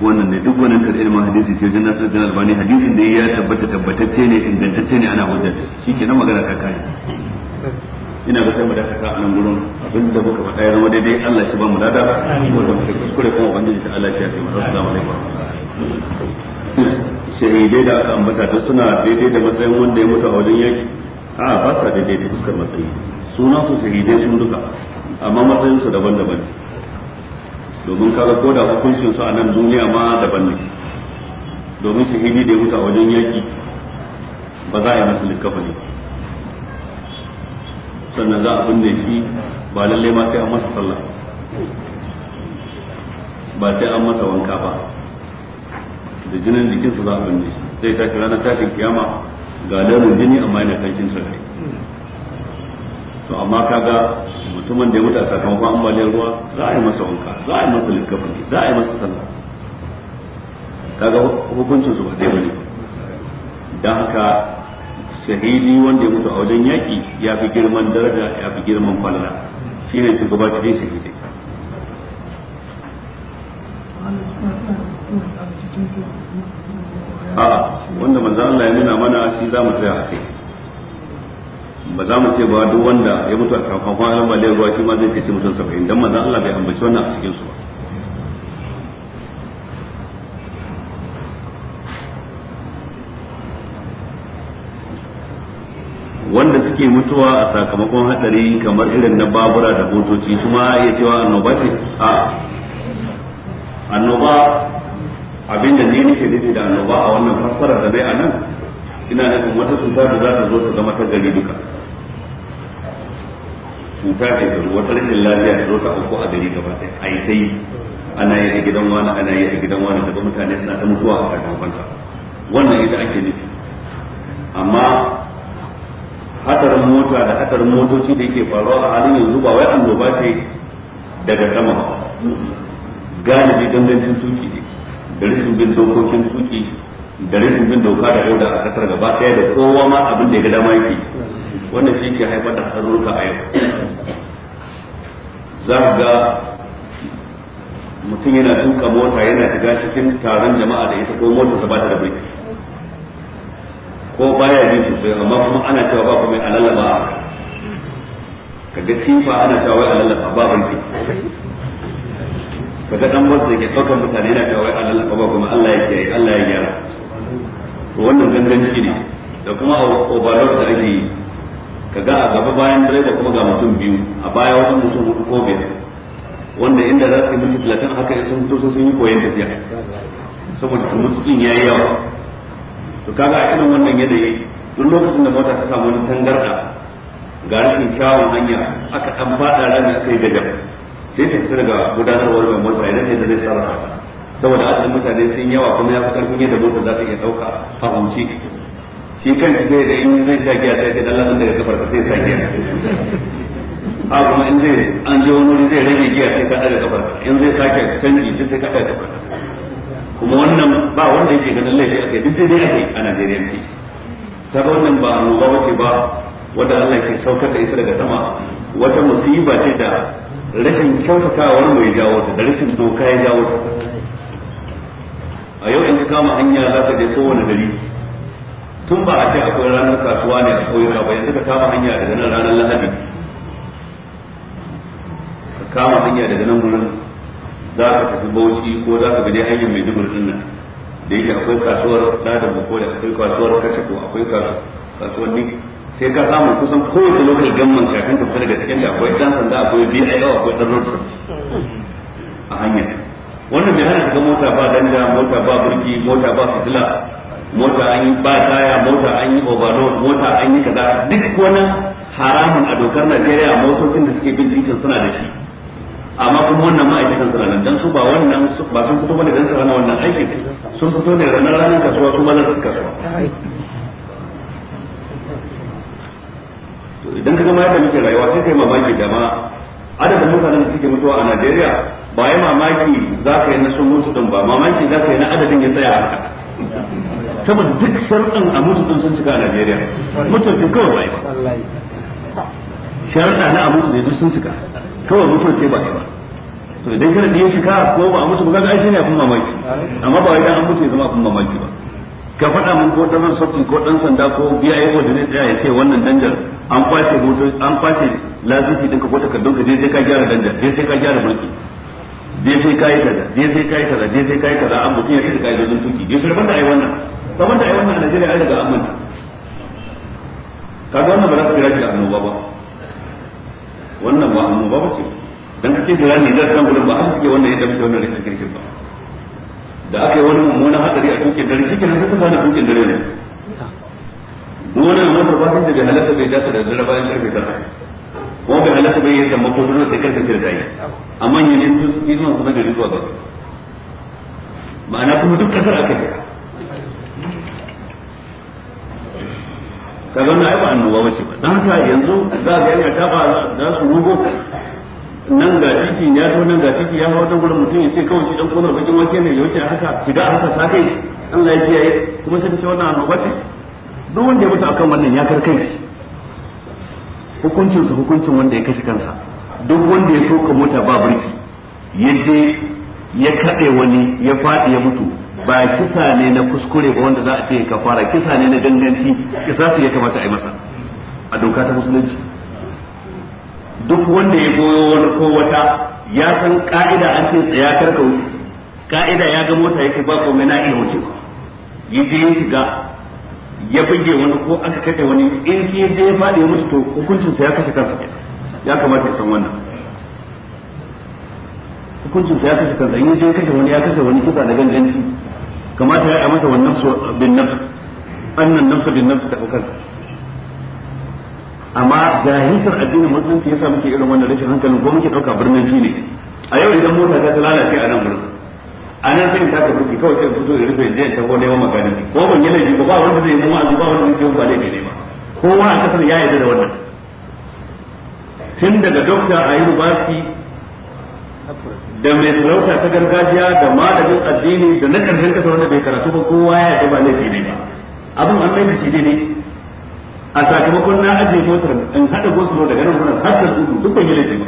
wannan ne duk wannan karɓar ilimin hadisi ce wajen nasar da albani hadisin da ya tabbata tabbatacce ne ingantacce ne ana hujjar shi ke nan magana ta kai ina ga sai mu dakata ka nan gurin abin da muka faɗa ya zama daidai Allah shi ba mu lada da muka kuskure kuma ne ta Allah shi ya taimaka assalamu alaikum shahidai da aka ambata ta suna daidai da matsayin wanda ya mutu a wajen yaki a ba sa daidai da fuskar matsayi sunan su shahidai sun duka amma matsayin su daban-daban domin kaga ko da hukuncin su a nan duniya ma daban ne domin shahidi da ya mutu a wajen yaki ba za a yi masa likafa ne sannan za a binne shi ba lallai ma sai an masa sallah ba sai an masa wanka ba da jinin jikinsa za a binne shi zai tashi ranar tashin kiyama ga launin jini amma yana kanshin sa to amma kaga mutumin da ya mutu a sakamakon ambaliyar ruwa za a yi masa wanka za a yi masa littafin za a yi masa sallah kaga hukuncin su ba zai bane dan haka shahidi wanda ya mutu a wajen yaki ya fi girman daraja ya fi girman falala shine gaba cikin shahidai a wanda manzo Allah ya nuna mana shi za mu tsaya a kai ba za mu ce ba duk wanda ya mutu a kafafa alam baliyar ruwa shi ma zai ce mutum saba'in dan za Allah bai ambaci wannan a cikinsu ba wanda suke mutuwa a sakamakon hatsari kamar irin na babura da motoci su ma iya cewa annoba ce a annoba abinda ne nake nufi da annoba a wannan fassara da bai a nan ina nufin wata cuta da za ta zo ta zama ta gari duka cuta mai tsaro wata rashin lafiya ta zo ta auku a gari gaba ɗaya a yi ta yi ana yi a gidan wani ana yi a gidan wani daga mutane suna ta mutuwa a kan kwanta wannan ita ake nufi amma hatsarin mota da hatsarin motoci da yake faruwa a halin yanzu ba wai annoba ce daga sama ba galibi dangancin tuki ne da rashin bin dokokin tuki da rashin bin doka da yau da a kasar gaba ɗaya da kowa ma abin da ya ga dama yake wannan shi ke haifar da haruruka a yau za ka ga mutum yana duka mota yana shiga cikin taron jama'a da ita ko mota ba ta da birki ko baya ji sosai amma kuma ana cewa ba kuma a lallaba kaga tifa ana cewa wai a lallaba ba birki kaga dan wasu da ke ɗaukar mutane yana cewa wai a lallaba ba kuma Allah ya kiyaye Allah ya gyara to wannan shi ne da kuma overload da ake yi ka ga a gaba bayan direba kuma ga mutum biyu a baya wani mutum hudu ko biyar wanda inda za su yi minti talatin haka ya sun tosa sun yi koyon tafiya saboda tumutsin ya yi yawa to kaga a irin wannan yanayi duk lokacin da mota ta samu wani tangarda ga rashin kyawun hanya aka dan fada rami aka yi gajab sai ta fita daga gudanarwar mai mota idan ne da zai sarrafa saboda adadin mutane sun yawa kuma ya fi karfin yadda mota za ta iya ɗauka a shi kan da zai da in zai sha giya sai da Allah daga kafar sai sha giya a kuma in zai an je wani zai rage giya sai ka daga kafar in zai sake canji duk sai ka daga kafar kuma wannan ba wanda yake ganin laifi akai duk dai ake a Najeriya ce ta wannan ba ba wace ba wanda Allah ke saukar da ita daga sama wata musiba ce da rashin kyautatawar mu ya jawo ta da rashin doka ya jawo ta a yau in ka kama hanya za ka je kowane gari tun ba a ce akwai ranar kasuwa ne a koyuka ba yanzu ka kama hanya daga nan ranar lahadi ka kama hanya daga nan wurin za ka tafi bauchi ko za ka gaje hanyar mai dubur din da yake akwai kasuwar ladan ko da akwai kasuwar kashe ko akwai kasuwar ne sai ka samu kusan kowace lokacin gamman kafin ka fita daga cikin da akwai dan sanda akwai bi'ayawa akwai dan rotsa a hanyar wannan bai hana ka ga mota ba danja mota ba burki mota ba fitila mota an yi ba taya mota an yi overload mota an yi kaza duk wani haramun a dokar Najeriya motocin da suke bin titin suna da shi amma kuma wannan ma'aikatan suna nan dan su ba wannan ba sun fito bane dan su rana wannan aikin sun fito ne ranar ranar kasuwa su maza su kasuwa idan ka gama yadda muke rayuwa sai kai mamaki da ma adadin mutanen da suke mutuwa a Najeriya ba yi mamaki za ka yi na sun mutu ba mamaki za ka yi na adadin ya tsaya haka saboda duk sharɗin a mutu din sun cika a Najeriya mutuncin kawai ba yi ba sharɗa na a mutu ne duk sun cika kawai mutunci ba yi ba to idan kana da ya cika ko ba a mutu ba kaga ai shine kuma mamaki amma ba wai dan an mutu ya zama kuma mamaki ba ka faɗa mun ko dan sokin ko dan sanda ko biya ya ko ne tsaya ya ce wannan danjar an kwace goto an kwace lazifi din ka ko takardun ka je sai ka gyara danjar je sai ka gyara mulki je sai kai kaza je sai kai kaza je sai kai kaza an mutu ya cika ka'idodin tuki je sai banda ai wannan kamar da ai wannan a Najeriya an daga an manta kaga wannan ba za ka kira shi da annoba ba wannan ba annoba ba ce dan kake jira ne da kan gurin ba an suke wannan yadda muke wannan rikin kirkin ba da aka yi wani mummunan hatsari a tukin dare shi kenan sai ka fara tukin dare ne wannan motar ba sai da halatta bai dace da dare bayan karfe tara kuma bai halatta bai yadda mako zuwa sai karfe da yi amma yanzu izuwan su na gari zuwa ba ma'ana kuma duk kasar aka yi kaga wannan ai ba annoba bace ba dan haka yanzu za ga yana taba za su rugo nan ga titin ya zo nan ga titi ya hawo da gurin mutum ya ce kawai shi dan kona bakin wake ne ya wuce haka shiga haka sa Allah ya kiyaye kuma sai ta ce wannan annoba ce duk wanda ya mutu akan wannan ya kar kai hukuncin su hukuncin wanda ya kashe kansa duk wanda ya toka mota ba birki ya je ya kaɗe wani ya faɗi ya mutu ba kisa ne na kuskure ba wanda za a ce kafara kisa ne na ganganci kisa su ya kamata a yi masa a doka ta musulunci duk wanda ya goyo wani ko wata ya san ka'ida an ce tsaya karka wuce ka'ida ya ga mota yake ba komai na iya wuce ya je ya shiga ya buge wani ko aka kashe wani in shi je ya faɗi mutu to hukuncinsa ya kashe kansa ya kamata ya san wannan hukuncin sa ya kashe kansa in je kashe wani ya kashe wani kisa da ganganci kamata ya yi masa wannan bin nafs annan nafsa bin nafs ta hukar amma jahilkar addinin musulunci yasa muke irin wannan rashin hankalin ko muke dauka birnin shi ne a yau idan mota ta lalace a nan birnin a nan sai ta kafa kawai sai fito da rufe jiya ta gode wa makaniki ko ban yana ji ba wanda zai nuna azu ba wanda zai ba laifi ne ba kowa a kasar ya yarda da wannan tun daga dokta a yi rubasi da mai sarauta ta gargajiya da malamin addini da na karshen kasa wanda bai karatu ba kowa ya ba laifi ne ba abin an laifi da shi ne a sakamakon na ajiye motar in haɗa gosulo daga nan wurin har da duk ban yi laifi ba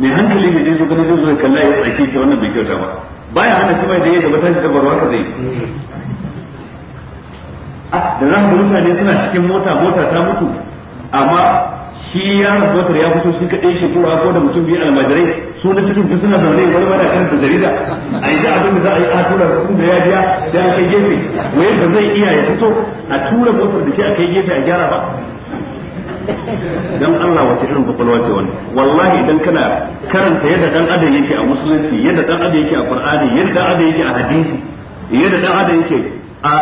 mai hankali ne zai zo gani zai zo kalla ya tsaki shi wannan bai kyauta ba baya hana shi mai da ya gaba da barwa ka zai ah, da za mu mutane suna cikin mota mota ta mutu amma shi yaron zotar ya fito shi kaɗai shi kura ko da mutum biyu almajirai su na cikin su suna zaune wani mana kan da jarida a yi da abin da za a yi a tura su da ya biya da a kai gefe wayar da zai iya ya fito a tura motar da shi a kai gefe a gyara ba dan Allah wace irin kwakwalwa ce wani wallahi idan kana karanta yadda dan adam yake a musulunci yadda dan adam yake a qur'ani yadda dan adam yake a hadisi yadda dan adam yake a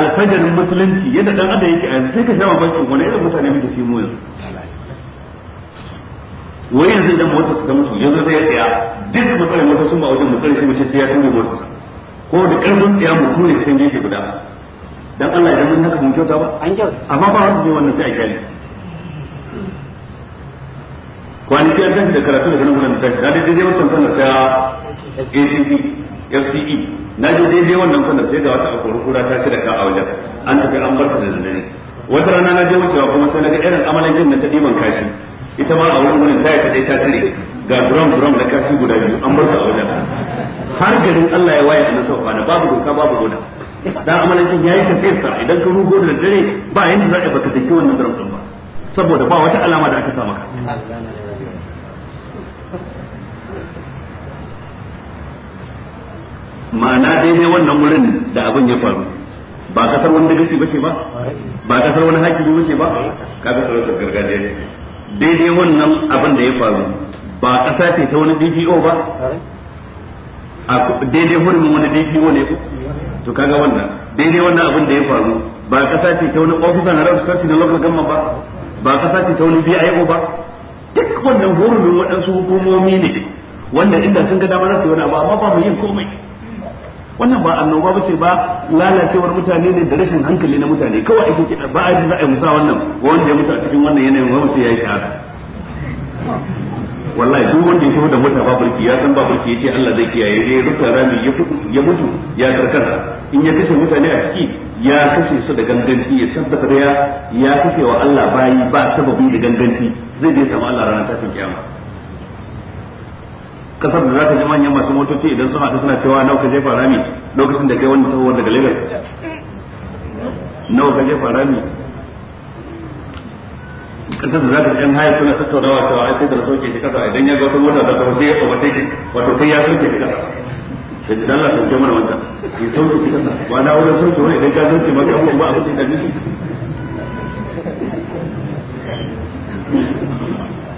alfajarin musulunci yadda dan adam yake a sai ka shawa bakin wani irin mutane muke shi mu yanzu wai yanzu da motsa ta mutu yanzu sai ya tsaya duk matsalar mota sun ba wajen matsalar shi mace sai ya tunge motsa ko da karfin tsaya mutum ne kan ke guda dan Allah idan mun haka mun kyauta ba an kyauta amma ba wani wannan sai a kyale kwanaki an tashi da karatu da ganin wannan tashi na daidai wannan fannar ta ACC FCE na je daidai wannan fannar e. sai ga wata akwai kura ta shi da ka a wajen an tafi an barka da zanzani wata rana na je wucewa kuma sai na ga irin amalan jin na ta ɗiban kashi ita ma a wurin wurin taya kadai ta tare ga drum drum na kafi guda biyu an bar su a wajen har garin Allah ya waye annabi sallallahu alaihi babu doka babu gona dan amalancin yayi sa idan ka rugo da dare ba yanda za ka baka take wannan drum drum ba saboda ba wata alama da aka sa maka ma'ana daidai wannan wurin da abin ya faru ba kasar wani ba ce ba ba kasar wani hakimi bace ba kaga sarautar gargajiya ne daidai wannan abin da ya faru ba ƙasa ce ta wani DPO ba daidai hurumin wani DPO ne to kaga wannan daidai wannan abin da ya faru ba ƙasa ce ta wani ofisa na rabu sarki na local government ba ba ƙasa ce ta wani BIO ba duk wannan hurumin waɗansu hukumomi ne Wannan inda sun ga dama za su yi wani abu amma ba mu yin komai wannan ba annoba ce ba lalacewar mutane ne da rashin hankali na mutane kawai ake kida ba a yi za a yi musa wannan ko wanda ya mutu a cikin wannan yanayin ba mutum ya yi shahada wallahi duk wanda ya taho da mota burki ya san ya ce Allah zai kiyaye ne rufe rami ya ya mutu ya karkata in ya kashe mutane a ciki ya kashe su da ganganci ya tabbatar da ya kashe wa Allah bayi ba sababi da ganganci zai je samu Allah ranar tashin kiyama kasar da za ka ji manyan masu motoci idan suna ta suna cewa nawa ka jefa rami lokacin da kai wani tsohuwar daga lagos nawa ka jefa rami kasar da za ka jan haya suna tattaunawa cewa ai sai da soke ke kasa idan ya ga wata mota za ta ya tsawace shi wato kai ya soke ke kasa sai Allah sauke mana wannan sauke kasa wa na wurin sauke wani idan ka sauke abubuwa a da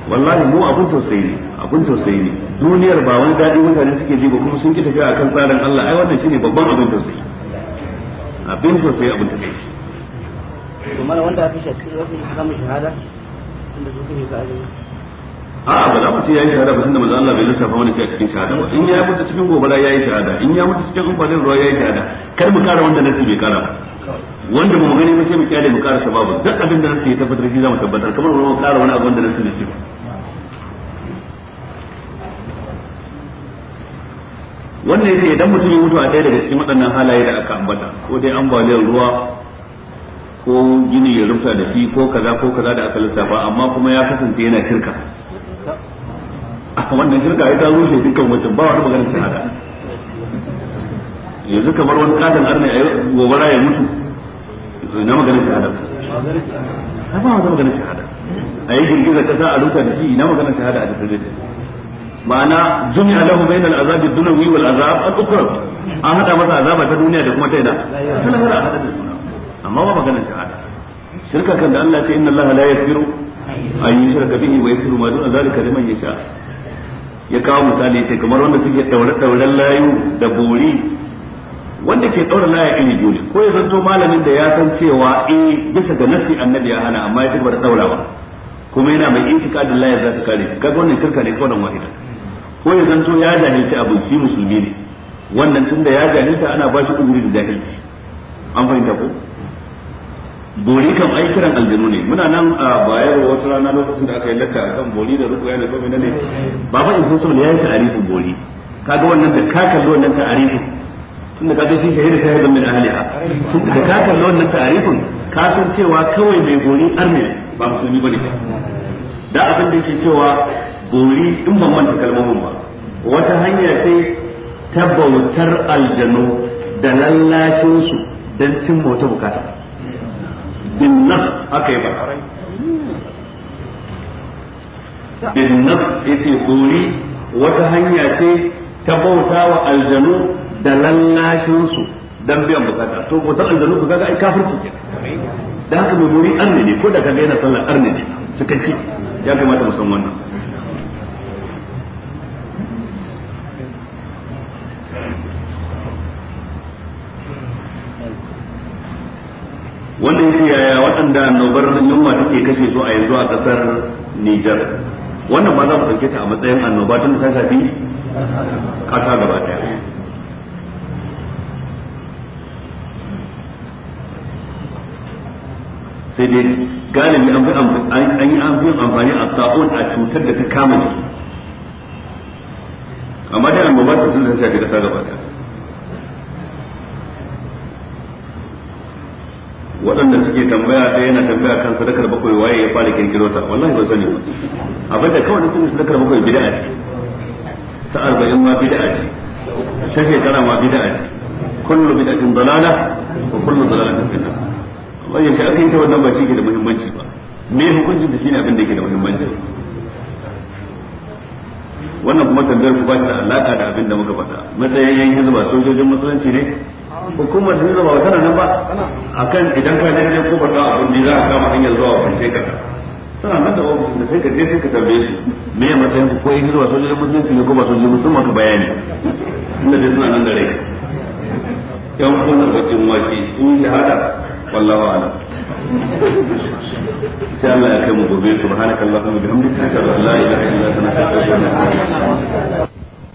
wallahi mu abun tausayi ne abun tausayi ne duniyar ba wani daɗi mutane suke ji ba kuma sun ki tafiya akan tsarin Allah ai wannan shine babban abun tausayi abin tausayi abun tausayi to mana wanda aka shi cikin wasu samun shahada inda su kike ka a ba za mu ce ya yi shahada ba tunda manzo Allah bai lissafa wani sai a cikin shahada ba in ya mutu cikin gobara yi shahada in ya mutu cikin amfanin ruwa yi shahada kar mu kara wanda nasi bai kara ba wanda mu gani mu sai mu kyale mu kara sababu duk abin da nasi ya tabbatar shi za mu tabbatar kamar mu kara wani abu wanda nasi ne ce ba wannan yake idan mutum ya mutu a ɗaya daga cikin waɗannan halaye da aka ambata ko dai ambaliyar ruwa ko gini ya rufta da shi ko kaza ko kaza da aka lissafa amma kuma ya kasance yana shirka wannan shirka ya ta rushe dukkan wancan ba wani maganar shahada yanzu kamar wani katon arna ya gobara ya mutu na maganar shahada ba wani maganar shahada a yi girgizar kasa a rufta da shi na maganar shahada a tafiye da shi ma'ana jumi'a lahu bainal azab duniya da kuma ta ida ta lahira a hada ya kawo misali sai kamar wanda suke ke daura laya iri biyu ko ya zanto malamin da ya san cewa eh bisa annabi ya hana ya yana shirka ne ko ya zanto ya jahilci abu shi musulmi ne wannan tunda ya jahilta ana ba shi uzuri da jahilci an fahimta ko bori kam ai kiran aljanu ne muna nan a bayarwa wata rana lokacin da aka yi lakka akan bori da rukuya da na ne baba in ya yi ta'arifin bori kaga wannan da ka kalli wannan ta'arifin tunda kaga shi yi shahidan min ahliha tunda da ka kalli wannan ta'arifin ka san cewa kawai mai bori arne ba musulmi bane da abin da yake cewa bori in ban manta kalmomin ba wata hanya ce ta bautar aljanu da lallashinsu don cin wata bukata bin nan aka yi ba bin ya ce dori wata hanya ce ta bauta wa aljanu da lallashinsu don biyan bukata to bautar aljanu ku gaga ai kafirci da haka mai buri arne ne ko da kaga yana sallar arne ne suka ce ya kamata mu san wannan wanda yake yaya waɗanda annobar yunwa ke kashe su a yanzu a ƙasar Nijar wannan ba za mu ɗauke ta a matsayin annoba tun da ta shafi ƙasa gaba ɗaya sai dai galibi an yi amfani amfani a sa'on a cutar da ta kama shi amma dai annoba ta tun da ta shafi ƙasa gaba ɗaya waɗanda suke tambaya ta yana tambaya kan sadakar bakwai waye ya fara kirkiro ta wallahi ba sani ba abin da kawai sun sadakar bakwai bid'a ce ta arba'in ma bid'a ce ta shekara ma bid'a ce kullu bid'atin dalala wa kullu dalalatin bid'a amma yake aka yi ta wannan ba shi ke da muhimmanci ba me hukuncin da shine abin da yake da muhimmanci wannan kuma tambayar ku ba ta alaka da abin da muka faɗa matsayin yan hizba sojojin musulunci ne hukumar hizba ba tana nan ba akan idan ka je ne kofar da abin da za ka kama hanyar zuwa ban sai ka tana nan da da sai ka je sai ka tambaye su me ya matsayin ku ko yan hizba sojojin musulunci ne ko ba sojojin musulunci ka bayani inda dai suna nan da rai yan da bakin wake sun shahada wallahu a'lam sai Allah ya kai mu gobe subhanakallahumma bihamdika ashhadu an la ilaha illa anta astaghfiruka wa atubu